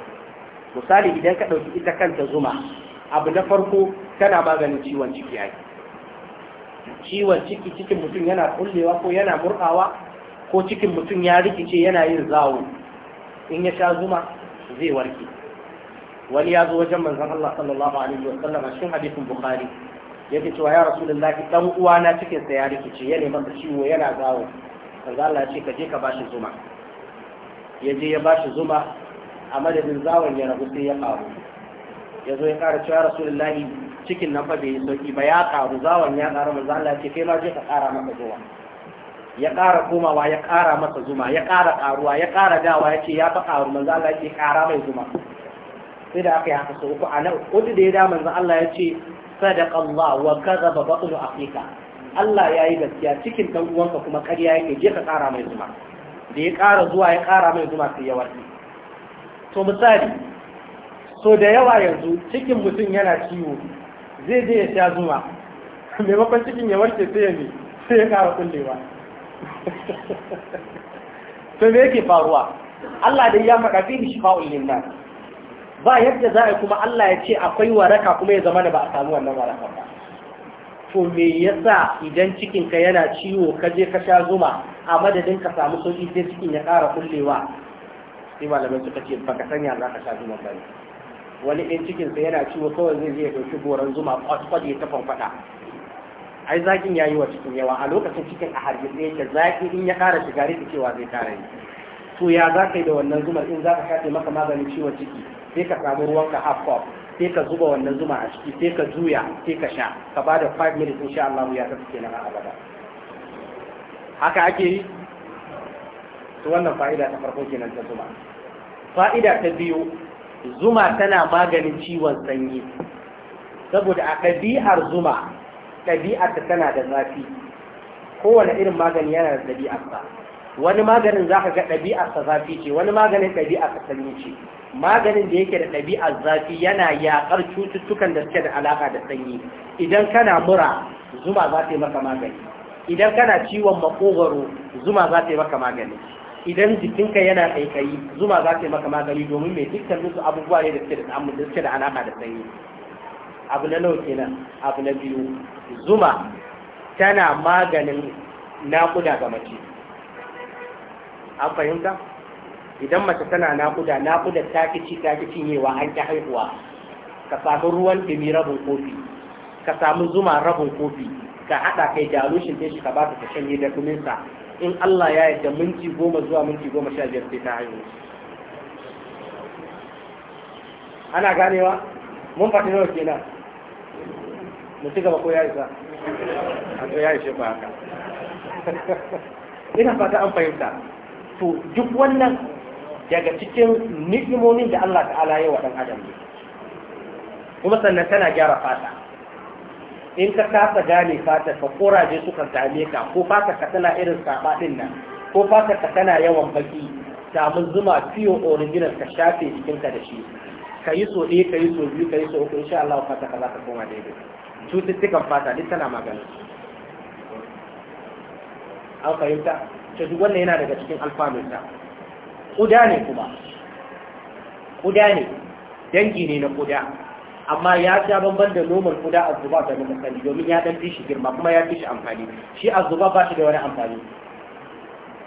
misali idan ka ɗauki ita kanta zuma abu na farko tana maganin ciwon ciki ai ciwon ciki cikin mutum yana kullewa ko yana murkawa ko cikin mutum ya rikice yana yin zawo in ya sha zuma zai warke wani ya zo wajen manzon Allah sallallahu alaihi wa sallam a cikin hadisin Bukhari yake cewa ya zaki dan uwana cikin sa ya rikice ya neman da ciwo yana gawo kaza Allah ya ce ka je ka bashi zuma ya je ya bashi zuma a madadin zawon ya rabu sai ya karu ya zo ya kara cewa rasulullahi cikin nan fa bai sauki ba ya karu zawon ya karu manzo Allah ce kai ma je ka kara maka zuma ya kara komawa ya kara masa zuma ya kara karuwa ya kara dawa ya ce ya fa karu manzo Allah ce kara mai zuma sai da aka yi haka sau uku a nan da ya da manzo Allah ya ce sadaqa Allah wa kadhaba batnu akhika Allah yi gaskiya cikin dan uwanka kuma ƙarya yake je ka ƙara mai zuma da ya ƙara zuwa ya ƙara mai zuma sai ya warke to misali so da yawa yanzu cikin mutum yana ciwo zai je ya sha zuma maimakon cikin ya warke sai ya ne sai ya ƙara kullewa to me yake faruwa Allah dai ya faɗa fi shifa'ul linnas ba yadda za a kuma Allah ya ce akwai waraka kuma ya zama da ba a samu wannan waraka ba to me yasa idan cikinka yana ciwo ka je ka sha zuma a madadin ka samu sauki sai cikin ya ƙara kullewa sai malamai suka ce ba ka sanya za ka sha zuma ba wani cikin cikinsa yana ciwo kawai zai je ya ɗauki goron zuma kwatkwat ya ta fanfada ai zakin ya yi wa cikin yawa a lokacin cikin a hargitse yake zaki in ya ƙara shiga rike cewa zai ƙara yi to ya za ka yi da wannan zumar in za ka shafe maka maganin ciwon ciki sai ka samu ruwan ka half cup sai ka zuba wannan zuma a ciki sai ka juya sai ka sha ka ba da 5 minutes insha Allah ya tafi nan a gaba haka ake yi to wannan fa'ida ta farko kenan ta zuma fa'ida ta biyu zuma tana maganin ciwon sanyi saboda a ɗabi'ar zuma ɗabi'ar ta tana da zafi kowane irin magani yana da ɗabi'ar sa wani maganin za ka ga ɗabi'arsa zafi ce wani maganin ɗabi'arsa sanyi ce maganin da yake da ɗabi'ar zafi yana yaƙar cututtukan da suke da alaƙa da sanyi idan kana mura zuma za ta yi maka magani idan kana ciwon maƙogwaro, zuma za ta yi maka magani idan jikinka yana ƙaiƙayi zuma za ta yi maka magani domin mai dukkan su abubuwa ne da suke da alaƙa da sanyi abu na nawa kenan abu na biyu zuma tana maganin naƙuda ga mace an fahimta idan mace tana naƙuda naƙuda ta fi ci ta cinye cinyewa an ta haihuwa ka samu ruwan dumi rabin kofi ka samu zuma rabin kofi ka haɗa kai da ɗin shi ka ba ta shanye da kuminsa in Allah ya yarda minti goma zuwa minti goma sha biyar sai ta haihu ana ganewa mun faɗi nawa kenan mu ci gaba ko ya isa a ya ishe ba haka ina fata an fahimta to duk wannan daga cikin nigimomin da Allah ta'ala ya wa ɗan adam ne kuma sannan tana gyara fata in ka kasa gane fata, ka koraje suka same ka ko fata ka tana irin saba din nan ko fata ka tana yawan baki samu zuma fiyo original ka shafe jikinka ka da shi ka yi so ɗaya ka yi so biyu ka yi so uku insha Allah fata ka za ta koma daidai cututtukan fata duk tana magana an fahimta ta duk wannan yana daga cikin alfanunta ƙuda ne kuma ƙuda ne dangi ne na ƙuda amma ya sha bamban da noman ƙuda a zuba da na sani domin ya ɗan fi shi girma kuma ya fi shi amfani shi a zuba ba shi da wani amfani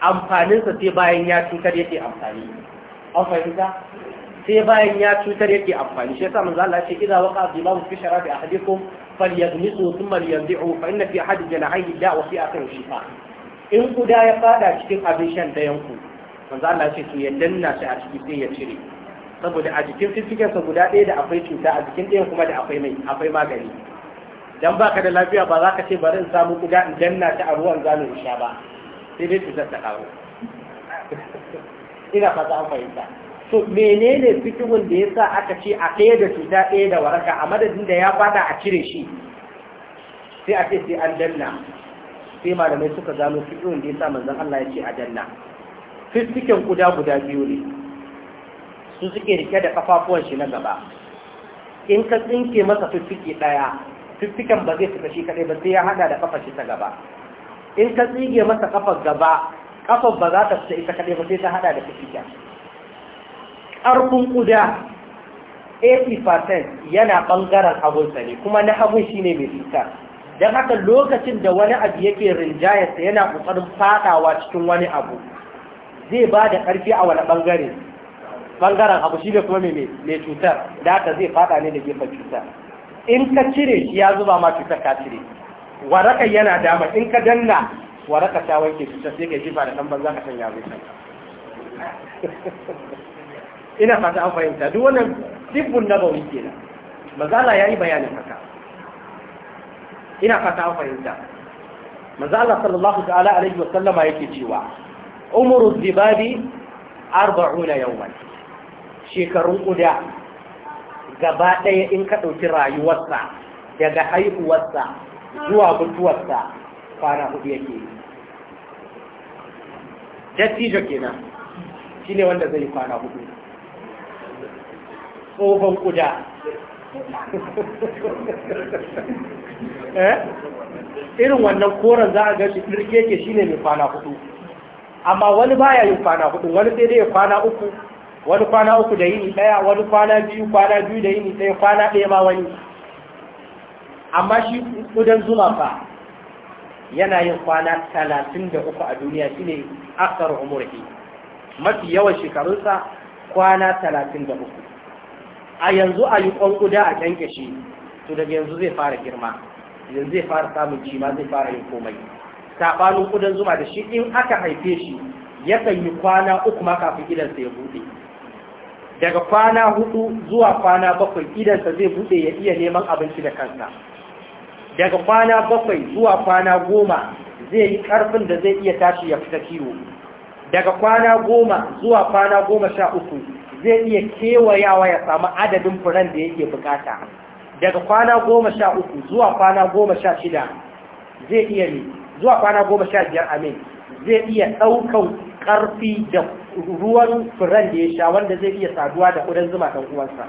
amfaninsa sai bayan ya cutar yake amfani an fahimta sai bayan ya cutar yake amfani shi yasa manzo Allah ya ce idza waqa dimamu fi sharabi ahadikum falyadmisu thumma liyadhi'u fa inna fi ahadi janahihi da'a wa fi akhir shifa in guda ya fada cikin abin shan ɗayan ku manzo Allah ce to ya danna shi a ciki sai ya cire saboda a jikin fiffiken sa guda ɗaya da akwai cuta a jikin ɗayan kuma da akwai mai akwai magani dan baka da lafiya ba za ka ce bari in samu guda in danna ta a ruwan zanu in sha ba sai dai cutar ta karo ina fata an fahimta so menene fikihun da yasa aka ce a ɗaya da cuta ɗaya da waraka a madadin da ya fada a cire shi sai a ce sai an danna sai malamai suka gano fiƙin da ya sa manzon Allah ya ce a janna fiskikin guda guda biyu ne su suke rike da kafafuwan shi na gaba in ka tsinke masa fiffike ɗaya fiffiken ba zai fita shi kaɗai ba sai ya haɗa da kafa shi ta gaba in ka tsige masa kafar gaba kafar ba za ta fita ita kaɗai ba sai ta haɗa da fiffiken ƙarfin guda 80% yana ɓangaren hagunsa ne kuma na hagun shine mai fitar don haka lokacin da wani abu yake rinjayarsa yana ƙoƙarin faɗawa cikin wani abu zai ba da ƙarfi a wani ɓangare ɓangaren abu shi ne kuma mai cutar da haka zai faɗa ne da gefen cutar in ka cire shi ya zuba ma cutar ka cire waraka yana dama in ka danna waraka ta wanke cutar sai ka jifa da ɗan banza ka sanya zai sanya ina fata an fahimta duk wannan dibbun nabawi kenan mazala ya yi bayanin ina fata fahimta manzo Allah sallallahu ta'ala alaihi wa sallama yake cewa umru dibabi 40 yawman shekarun kuda gaba ɗaya in ka ɗauki rayuwarsa daga haihuwarsa zuwa mutuwarsa kwana hudu yake yi dattijo kenan shi ne wanda zai kwana hudu tsohon kuda Eh? irin wannan koren za a ga shi ɗirkeke shi ne mai kwana hudu amma wani baya yin kwana hudu wani sai dai ya kwana uku wani kwana uku da yini ɗaya wani kwana biyu kwana biyu da yini ɗaya kwana ɗaya ma wani amma shi ƙudan zuma fa yana yin kwana talatin da uku a duniya shi ne aksar umurki mafi yawan shekarunsa kwana talatin da uku a yanzu a yi kwan ƙuda a kyanke shi to daga yanzu zai fara girma yanzu zai fara samun ci zai fara yin komai saɓanin ƙudan zuma da shi in aka haife shi yakan yi kwana uku ma kafin idansa ya buɗe daga kwana hudu zuwa kwana bakwai idansa zai buɗe ya iya neman abinci da kansa daga kwana bakwai zuwa kwana goma zai yi ƙarfin da zai iya tashi ya fita kiwo daga kwana goma zuwa kwana goma sha uku zai iya kewayawa ya samu adadin furen da yake bukata daga kwana goma sha uku zuwa kwana goma sha shida zai iya ne zuwa kwana goma sha biyar amin zai iya ɗaukan ƙarfi da ruwan furen da ya sha wanda zai iya saduwa da ƙudan zuma ɗan uwansa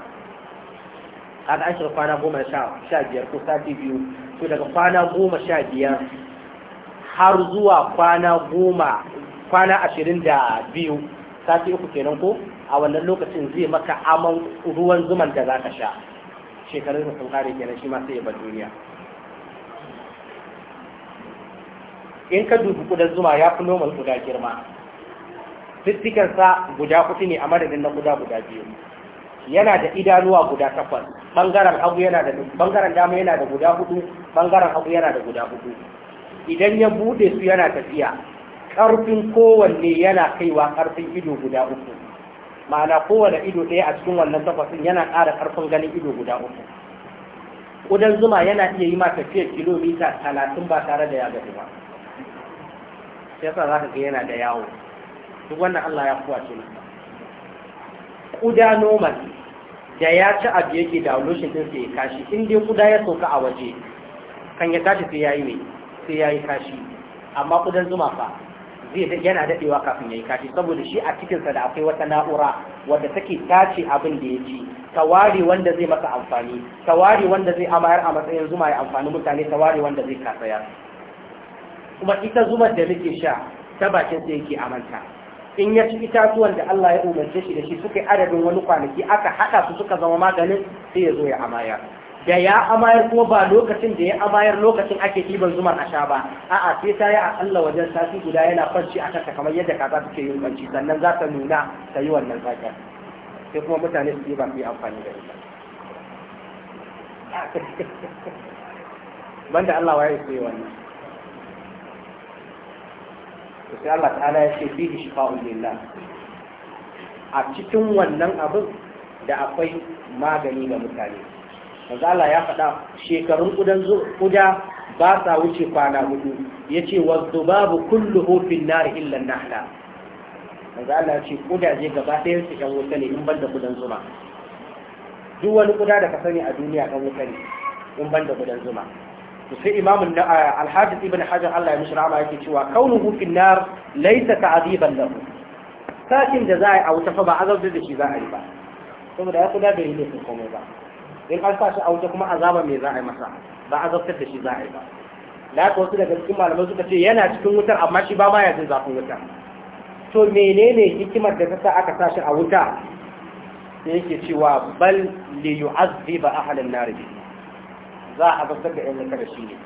a ga ashirin kwana goma sha biyar ko sati biyu to daga kwana goma sha biyar har zuwa kwana goma kwana ashirin da biyu sati uku kenan ko a wannan lokacin zai maka aman ruwan zuman da za ka sha Shekarun da sun kare kenan shi ma sai ya bar duniya in ka dubi kudan zuma ya fi noman guda girma sa guda kuɗi ne a madadin na guda guda biyu yana da idanuwa guda takwas bangaren hagu yana da bangaren dama yana da guda hudu bangaren hagu yana da guda hudu idan ya bude su yana tafiya karfin kowanne yana kaiwa karfin ido guda uku ma'ana kowane ido ɗaya a cikin wannan takwasin yana ƙara ƙarfin ganin ido guda uku ƙudan zuma yana iya yi ma tafiyar kilomita talatin ba tare da ya gaji ba sai sa za ka ga yana da yawo duk wannan Allah ya kuwa ce masa ƙuda da ya ci abu yake da lushin din sai ya kashi in dai ƙuda ya sauka a waje kan ya tashi sai ya yi sai ya yi kashi amma ƙudan zuma fa zai yana dadewa kafin yayi kashi saboda shi a cikin sa da akwai wata na'ura wanda take tace abin da ya ci tawari wanda zai masa amfani tawari wanda zai amayar a matsayin zuma ya amfani mutane tawari wanda zai kasaya kuma ita zumar da nake sha ta bakin sa yake amanta in ya ci itatuwan da Allah ya umarce shi da shi suka yi adadin wani kwanaki aka haɗa su suka zama maganin sai ya zo ya amayar. da ya amayar kuma ba lokacin da ya amayar lokacin ake ɗiban zuman a sha ba a'a sai ta yi Allah wajen sati guda yana kwanci a kanta kamar yadda kaza suke yin kwanci sannan za ta nuna ta yi wannan zakar sai kuma mutane su ɗiba su yi amfani da ita banda Allah waye su yi wannan sai Allah ta'ala ya ce fihi shifa'un lillah a cikin wannan abin da akwai magani ga mutane mazala ya faɗa shekarun ƙudan ƙuda ba sa wuce kwana hudu ya ce wa zubabu kullu hofin nari illan na mazala ya ce ƙudaje gaba ɗayan su ƴan wuta ne in ban da ƙudan zuma duk wani ƙuda da ka sani a duniya ɗan wuta ne in ban da ƙudan zuma to sai imamun eh, alhaji ibn hajar allah ya mishi rahama yake cewa kaunuhu fin nar laysa ta'ziban lahu sakin da za a yi a wuta fa ba azabta da shi za a yi ba saboda ya kuda bai yi sun komai ba in an sa shi a wuta kuma azaba mai za a yi masa ba azabtar da shi za a yi ba da haka wasu daga cikin malamai suka ce yana cikin wutar amma shi ba ma ya jin zafin wuta to menene hikimar da ta sa aka sa shi a wuta da yake cewa bal li yu'azziba ahlan nar bi za a azabtar da ƴan da shi ne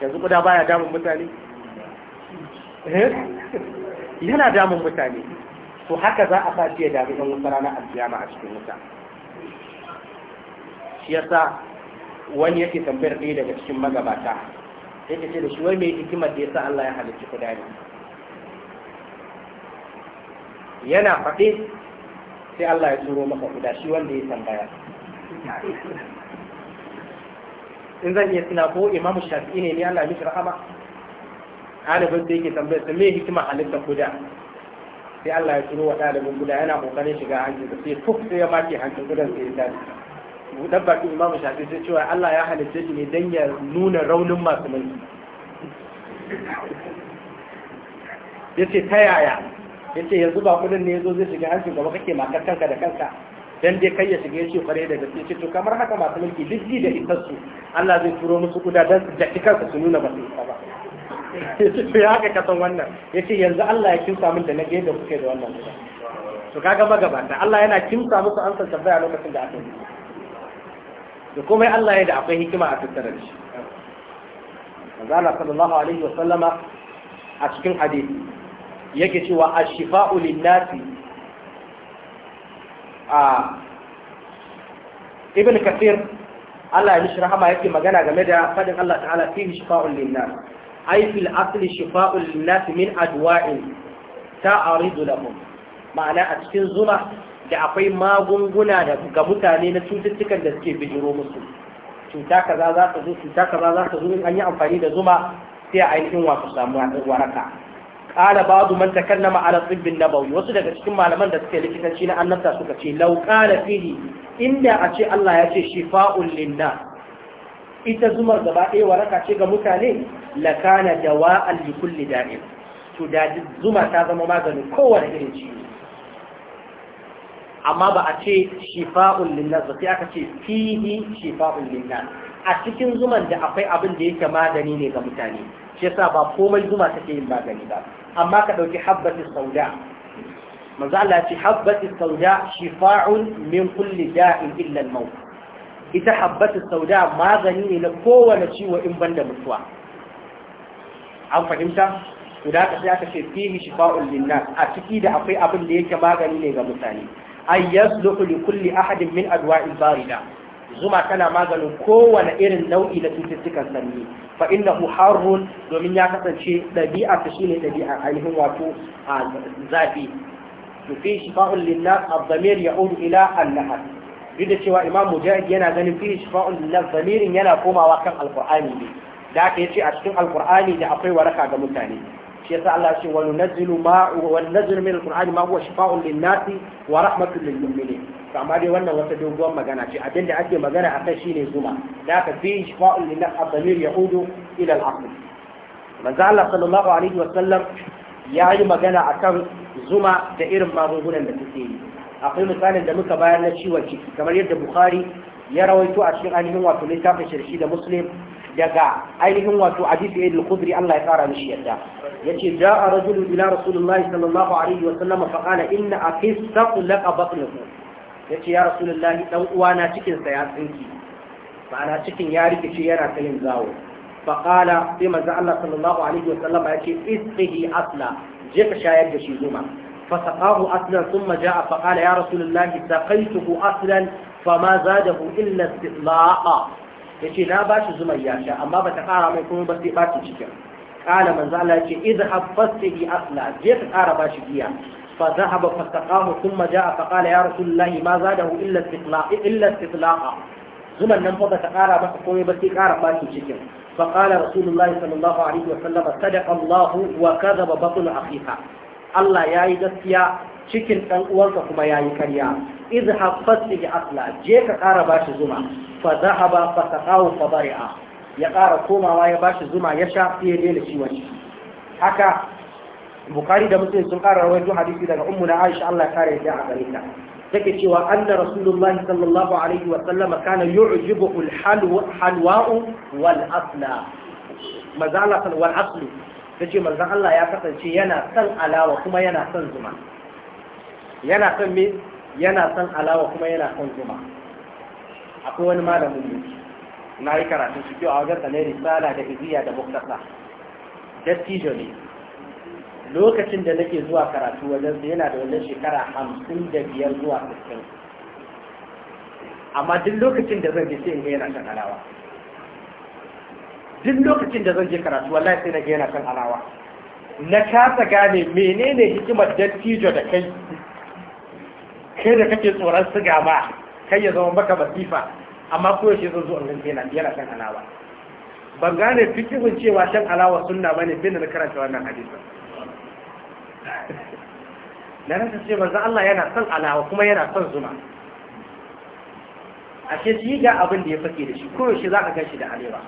yanzu kuda baya damun mutane eh? yana damun mutane to haka za a sa shi ya dami ɗan wuta ranar aljiyama a cikin wuta shi yasa wani yake tambayar ɗaya daga cikin magabata yake ce da shi wai mai hikimar da yasa Allah ya halicci kudari yana faɗi sai Allah ya turo maka guda shi wanda ya tambaya in zan iya tuna ko imamu shafi'i ne ne Allah ya mishi rahama ɗalibin da yake tambayar sai me hikimar halitta guda, sai Allah ya turo wa ɗalibin guda yana ƙoƙarin shiga hancin sai fuf sai ya mace hancin gudan sai ya tashi buɗar imamu shafi sai cewa Allah ya halitta shi ne don ya nuna raunin masu mai ya ce ta yaya ya ce yanzu ba kudin ne ya zo zai shiga hancin gaba kake makar kanka da kanka dan dai kai ya shiga ya ce kwarai da gaske ce to kamar haka masu mulki duk ji da isar su Allah zai turo musu kuda don su jaki su nuna ba su isa ba to ya haka kasan wannan ya ce yanzu Allah ya kinsa min da na gaida kuke da wannan to kaga magabata Allah yana kinsa musu an san tambaya lokacin da aka yi da komai Allah ya da akwai hikima a tattare da shi manzala sallallahu alaihi wa sallama a cikin hadisi yake cewa ashifa'u lin-nasi a ibn kathir Allah ya mishi rahama yake magana game da fadin Allah ta'ala fi shifa'un lin-nas ay fil asli shifa'un lin-nas min adwa'in ta'aridu lahum ma'ana a cikin zuma da akwai magunguna ga mutane na cututtukan da suke bijiro musu cuta kaza za ta zo cuta kaza za ta zo in an yi amfani da zuma sai a ainihin wasu samu waraka qala ba'du man takallama ala tibbin nabawi wasu daga cikin malaman da suke likitanci na annabta suka ce law qala fihi inda a ce Allah ya ce shifa'un lina. ita zumar gaba ɗaya waraka ce ga mutane lakana dawa'an li kulli da'in to da zuma ta zama maganin kowane irin ciwo amma ba a ce shifa'un linnas ba sai aka ce fihi shifa'un linnas a cikin zuman da akwai abin da yake magani ne ga mutane shi yasa ba komai zuma take yin magani ba amma ka dauki habbati sauda manzo Allah ya ce habbati sauda shifa'un min kulli da'in illa al-maut ita habbatu sauda magani ne na kowane ciwo in banda mutuwa an fahimta to da aka sai aka ce fihi shifa'un linnas a ciki da akwai abin da yake magani ne ga mutane ay yasluhu li kulli ahadin min adwa'il barida zuma tana maganin kowane irin nau'i na cututtukan sanyi fa innahu harrun domin ya kasance dabi'a ta shine dabi'a ainihin wato zafi to fi shifa'un linnas ad-damir ya'udu ila an-nahar duk da cewa imam mujahid yana ganin fi shifa'un linnas damirin yana komawa kan alqur'ani ne da aka yace a cikin alqur'ani da akwai waraka ga mutane shi yasa Allah shi wani nunazzilu ma wa nunazzilu min alqur'ani ma huwa Shifa'u'n lin wa rahmatun lil to amma dai wannan wata doguwar magana ce abin da ake magana akan shine zuma da ka fi shifa'u'n lin-nas adamir yaudu ila al manzo Allah sallallahu alaihi wa sallam ya yi magana akan zuma da irin magungunan da take yi akwai misalin da muka bayar na ciwon ciki kamar yadda Bukhari ya rawaito a cikin ainihin wato littafin shirshi da Muslim daga ainihin wato Abi Sa'id al Allah ya fara mishi yadda Ya ce, yace ja'a rajulun ila Rasulullahi sallallahu alaihi wa sallama. fa qala inna akhi saqlaqa batnuhu yace ya ce ya Rasulullahi dan uwana cikin sa ya tsinki ma'ana cikin ya rikice yana ta yin zawo fa sai manzo Allah sallallahu alaihi wa sallama sallam yace isqihi asla je ka shayar da shi zuma فسقاه أصلا ثم جاء فقال يا رسول الله سقيته أصلا فما زاده إلا استطلاقا ya ce na ba shi zumar ya sha amma ba ta ƙara mai kuma ba sai ɓaci cikin ƙala manzo Allah ya ce idh haffasihi asla je ka ƙara ba shi giya fa zahaba fastaqahu thumma jaa fa qala ya rasulullahi ma zadahu illa istitlaqa illa istitlaqa zuman nan fa ba ta ƙara masa komai ba sai ƙara ɓaci cikin fa qala rasulullahi sallallahu alaihi wa sallam sadaqa Allah wa kadhaba batul akhiha Allah yayi gaskiya cikin ɗan uwanka kuma ya yi karya iz haffas bi asla je ka ƙara ba shi zuma fa zahaba fa saqahu fa bari'a ya ƙara komawa ya ba shi zuma ya sha fiye da ciwon ciki haka bukari da mutum sun ƙara rawaito hadisi daga ummu na aisha Allah kare ta a gare ta take cewa anna rasulullah sallallahu alaihi wa sallama kana yu'jibuhu al-halwa wal asla manzo Allah wal aslu tace manzo Allah ya kasance yana son alawa kuma yana son zuma yana son me yana son alawa kuma yana son zuma akwai wani malamin mu na yi karatun shi kyau a wajen da ne risala da iziya da muktasa dattijo ne lokacin da nake zuwa karatu wajen su yana da wannan shekara hamsin da biyar zuwa sittin amma duk lokacin da zan je sai in ga yana son alawa duk lokacin da zan je karatu wallahi sai na ga yana son alawa na kasa gane menene hikimar dattijo da kai kai da kake tsoron siga ba kai ya zama maka masifa amma ko yaushe zo zuwa ganin yana yana shan alawa ban gane fikirin cewa shan alawa sunna bane bin da karanta wannan hadisin na rasa ce manzo Allah yana son alawa kuma yana son zuma ce shi ga abin da ya fake da shi ko yaushe za ka gashi da alewa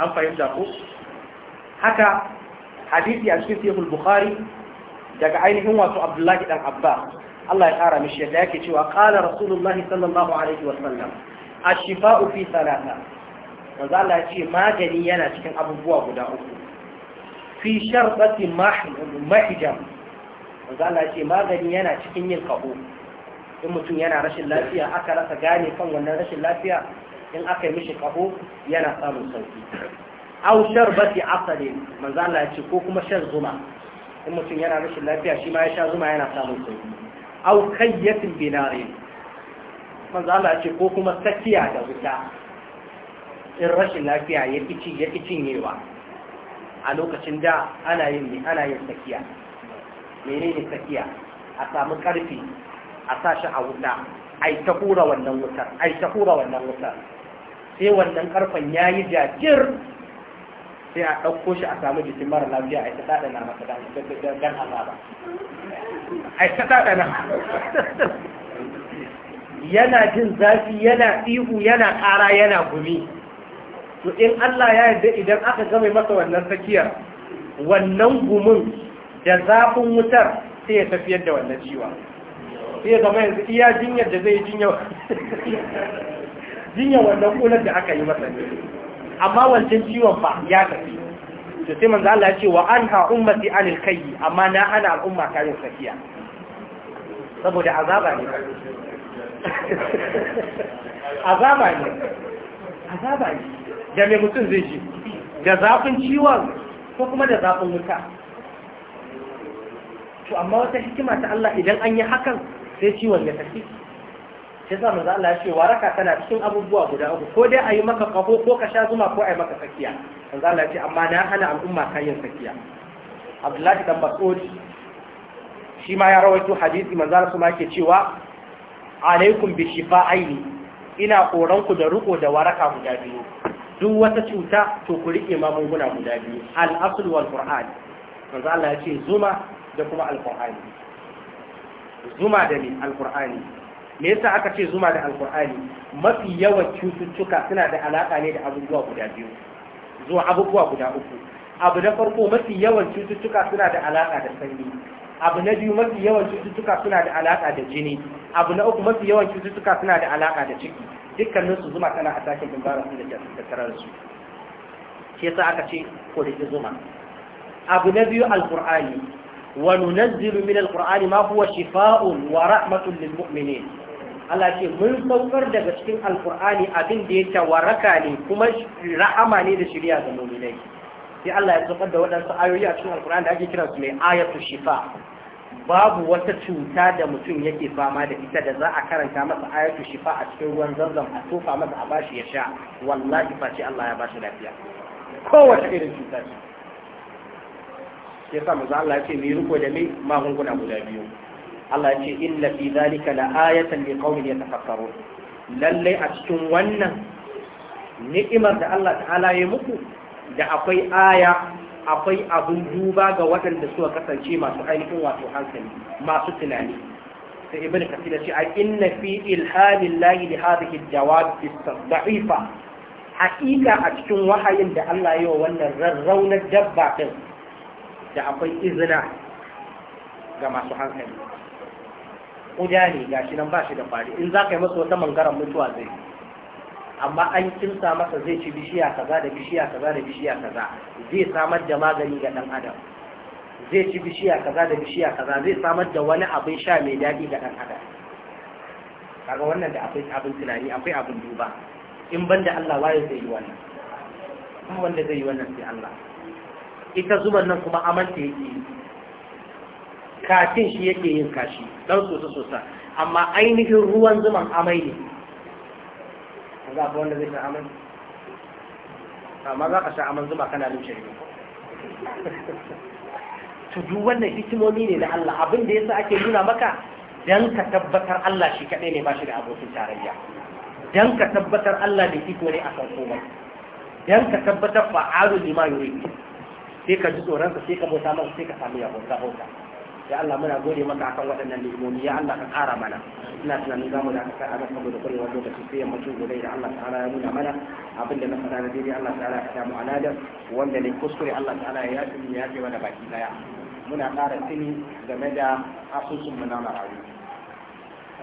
an fahimta ko haka hadisi a cikin sahih bukhari daga ainihin wato Abdullahi dan Abba. Allah ya kara mishi yadda yake cewa qala rasulullahi sallallahu alaihi wa sallam ash-shifa'u fi salata manzo Allah ya ce magani yana cikin abubuwa guda uku fi sharbati mahjam manzo Allah ya ce magani yana cikin yin kaho in mutum yana rashin lafiya aka rasa gane kan wannan rashin lafiya in aka yi mishi kaho yana samun sauki aw sharbati asali manzo Allah ya ce ko kuma shan zuma in mutum yana rashin lafiya shi ma ya sha zuma yana samun sauki au khayyatin binari manzo Allah ce ko kuma sakiya da wuta in rashin lafiya ya kici ya cinyewa a lokacin da ana yin ana yin sakiya menene sakiya a samu karfi a sashi a wuta ai ta hura wannan wutar ai ta hura wannan wutar sai wannan karfan yayi jajir sai a ɗauko shi a samu jikin mara lafiya a ta ɗaɗa na masa da dan ba. ai ta nan yana jin zafi yana ihu yana ƙara yana gumi to in Allah ya yarda idan aka game masa wannan tsakiyar wannan gumin da zafin wutar sai ya tafiyar da wannan jiwa sai ya zama yanzu iya jinyar da zai jinya wannan kunar da aka yi masa amma wancan ciwon ba ya tafi to sai manzo Allah ya ce wa anha ummati anil kayyi amma na ana al'umma ta yin sakiya saboda azaba ne azaba ne azaba ne da me mutum zai ji da zafin ciwon ko kuma da zafin wuta to amma wata hikima ta Allah idan an yi hakan sai ciwon ya tafi sai sa manzo Allah ya ce waraka tana cikin abubuwa guda uku ko dai a yi maka kaho ko ka sha zuma ko a yi maka tsakiya manzo Allah ce amma na hana al'umma kayan sakiya Abdullahi dan Mas'ud shi ma ya rawaito hadisi manzo Allah kuma yake cewa alaikum bi shifa'aini ina koran ku da riko da waraka guda biyu duk wata cuta to ku rike magunguna guda biyu al-asl wal qur'an manzo Allah ya ce zuma da kuma al-qur'ani zuma da ni al-qur'ani me yasa aka ce zuma da al-qur'ani mafi yawan cututtuka suna da alaka ne da abubuwa guda biyu zuwa abubuwa guda uku abu na farko mafi yawan cututtuka suna da alaƙa da sanyi abu na biyu mafi yawan cututtuka suna da alaƙa da jini abu na uku mafi yawan cututtuka suna da alaƙa da ciki dukkanin su zuma tana a sakin dimbara su da tarar su shi yasa aka ce ko da ke zuma abu na biyu Alƙur'ani, wa nunazzilu min alqur'ani ma huwa shifaa'un wa rahmatun lil mu'minin Allah ce mun saukar daga cikin alkur'ani abin da ya waraka ne kuma ra'ama ne da shirya ga mu'minai sai Allah ya saukar da waɗansu ayoyi a cikin alkur'ani da ake kira su mai ayatu shifa babu wata cuta da mutum yake fama da ita da za a karanta masa ayatu shifa a cikin ruwan zanzam a tofa masa a bashi ya sha wallahi ce Allah ya bashi lafiya kowace irin cuta ce sai sa manzo Allah ya ce mu yi riko da mai magunguna guda biyu Allah ce inna fi zalika la ayatan li qaumin yatafakkarun lalle a cikin wannan ni'imar da Allah ta'ala ya muku da akwai aya akwai abun duba ga waɗanda suka kasance masu ainihin wato hankali masu tunani sai ibn kathir ce a inna fi ilhamin lahi li hadhihi jawab da'ifa haƙiƙa a cikin wahayin da Allah ya wa wannan rarraunar dabba din da akwai izina ga masu hankali kuja ne gashi nan ba shi da kwari in za ka yi masa wata mangaran mutuwa zai amma an kimsa masa zai ci bishiya kaza da bishiya kaza da bishiya kaza zai samar da magani ga dan adam zai ci bishiya kaza da bishiya kaza zai samar da wani abin sha mai daɗi ga dan adam kaga wannan da akwai abin tunani akwai abin duba in banda Allah waye zai yi wannan ba wanda zai yi wannan sai Allah ita zuban nan kuma amanta yake yi kashin shi yake yin kashi dan sosa-sosa amma ainihin ruwan zuman amai ne za ka wanda zai sha amai amma za ka sha amai zuma kana luce ne to duk wannan hikimomi ne na Allah abin da yasa ake nuna maka dan ka tabbatar Allah shi kadai ne ba shi da abokin tarayya dan ka tabbatar Allah da iko ne a kan komai dan ka tabbatar fa'alu lima yuridu sai ka ji tsoron sai ka bauta masa sai ka samu yabo ka bauta ya Allah muna gode maka akan waɗannan ni'imomi ya Allah ka ƙara mana ina tunanin zamu da aka a zaka da kwarewa lokaci sai yammacin gobe da Allah ta'ala ya nuna mana abin da na faɗa da daidai Allah ta'ala ya samu alada wanda ne kuskure Allah ta'ala ya yafi ya yafe mana baki ɗaya. muna ƙara tuni game da asusun mu na marayu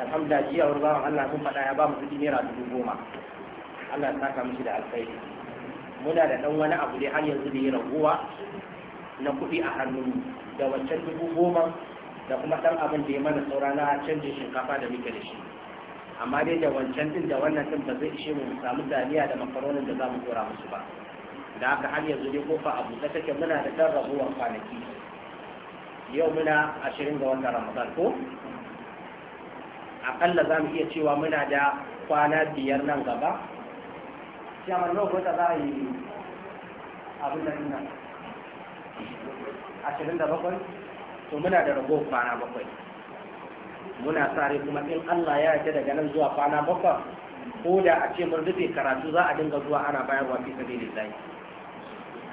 alhamdulillah jiya wani Allah sun faɗa ya ba mu kuɗi naira dubu goma Allah ya saka shi da alkhairi muna da ɗan wani abu dai har yanzu da ya raguwa na kuɗi a hannunmu da wancan dubu goma da kuma ɗan abin da ya mana saura na canjin shinkafa da muke da shi amma dai da wancan din da wannan din ba zai ishe mu mu samu daliya da makaronin da za mu kora musu ba da haka har yanzu dai kofa abu ta take muna da ɗan rabuwar kwanaki yau muna ashirin ga wannan ramadan ko akalla za mu iya cewa muna da kwana biyar nan gaba shi a nawa ko ta za a yi abin da nan ashirin da bakwai to muna da rago kwana bakwai muna tsari kuma in Allah ya yarda daga nan zuwa kwana bakwai ko da a ce mun rufe karatu za a dinga zuwa ana bayarwa fi zai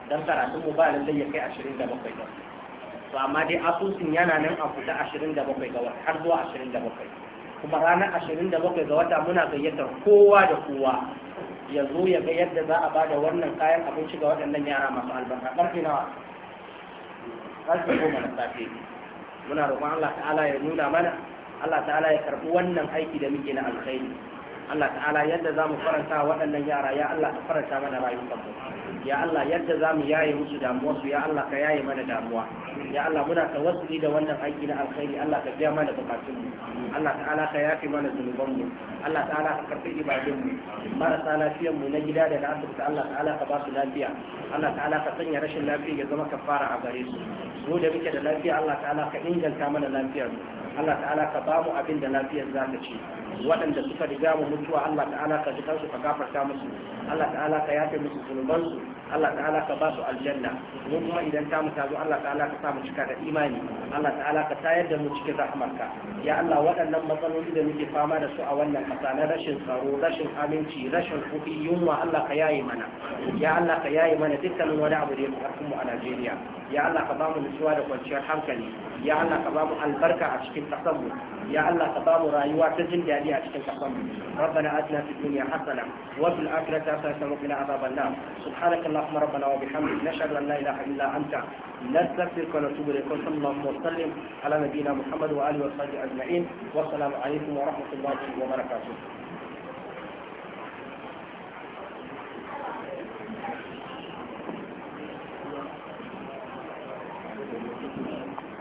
dan karatun mu ba lallai ya kai ashirin da bakwai ba to amma dai asusun yana nan a fita ashirin da bakwai ga wata har zuwa ashirin da bakwai kuma ranar ashirin da bakwai ga wata muna gayyatar kowa da kowa ya zo ya ga yadda za a bada wannan kayan abinci ga waɗannan yara masu albarka ƙarfi nawa ƙarfe goma na safe muna roƙon Allah ta'ala ya nuna mana Allah ta'ala ya karɓi wannan aiki da muke na alkhairi Allah ta'ala yadda za mu faranta waɗannan yara ya Allah ta faranta mana rayuwar mu ya Allah yadda za mu yaye musu damuwarsu ya Allah ka yaye mana damuwa ya Allah muna tawassuli da wannan aiki na alkhairi Allah ka biya mana bukatunmu Allah ta'ala ka yafi mana zunubanmu Allah ta'ala ka ibadun ibadunmu marasa lafiyarmu na gida da na asibiti Allah ta'ala ka ba su lafiya Allah ta'ala ka sanya rashin lafiya ya zama kafara a gare su mu da muke da lafiya Allah ta'ala ka inganta mana lafiyar Allah ta'ala ka ba mu abin da lafiyar za ta ci waɗanda suka riga mu mutuwa Allah ta'ala ka jikan su ka gafarta musu Allah ta'ala ka yafe musu zulman su Allah ta'ala ka ba su aljanna mu kuma idan ta mu tazo Allah ta'ala ka sa mu cika da imani Allah ta'ala ka tayar da mu cikin rahmarka ya Allah waɗannan matsaloli da muke fama da su a wannan kasa na rashin tsaro rashin aminci rashin kuɗi yunwa Allah ka yaye mana ya Allah ka yaye mana dukkanin wani abu da ya fi mu a Najeriya ya Allah ka ba mu nutsuwa da kwanciyar hankali ya Allah ka ba mu albarka a cikin ƙasarmu ya Allah ka ba mu rayuwa ta jin daɗi daɗi a cikin ƙasar rabbana atina fid dunya hasana wa fil akhirati hasana wa qina adhaban nar subhanaka allahumma rabbana wa bihamdika nashhadu an la ilaha illa anta نستغفرك ونتوب اليك وصلى الله وسلم على نبينا محمد واله وصحبه اجمعين والسلام عليكم ورحمه الله وبركاته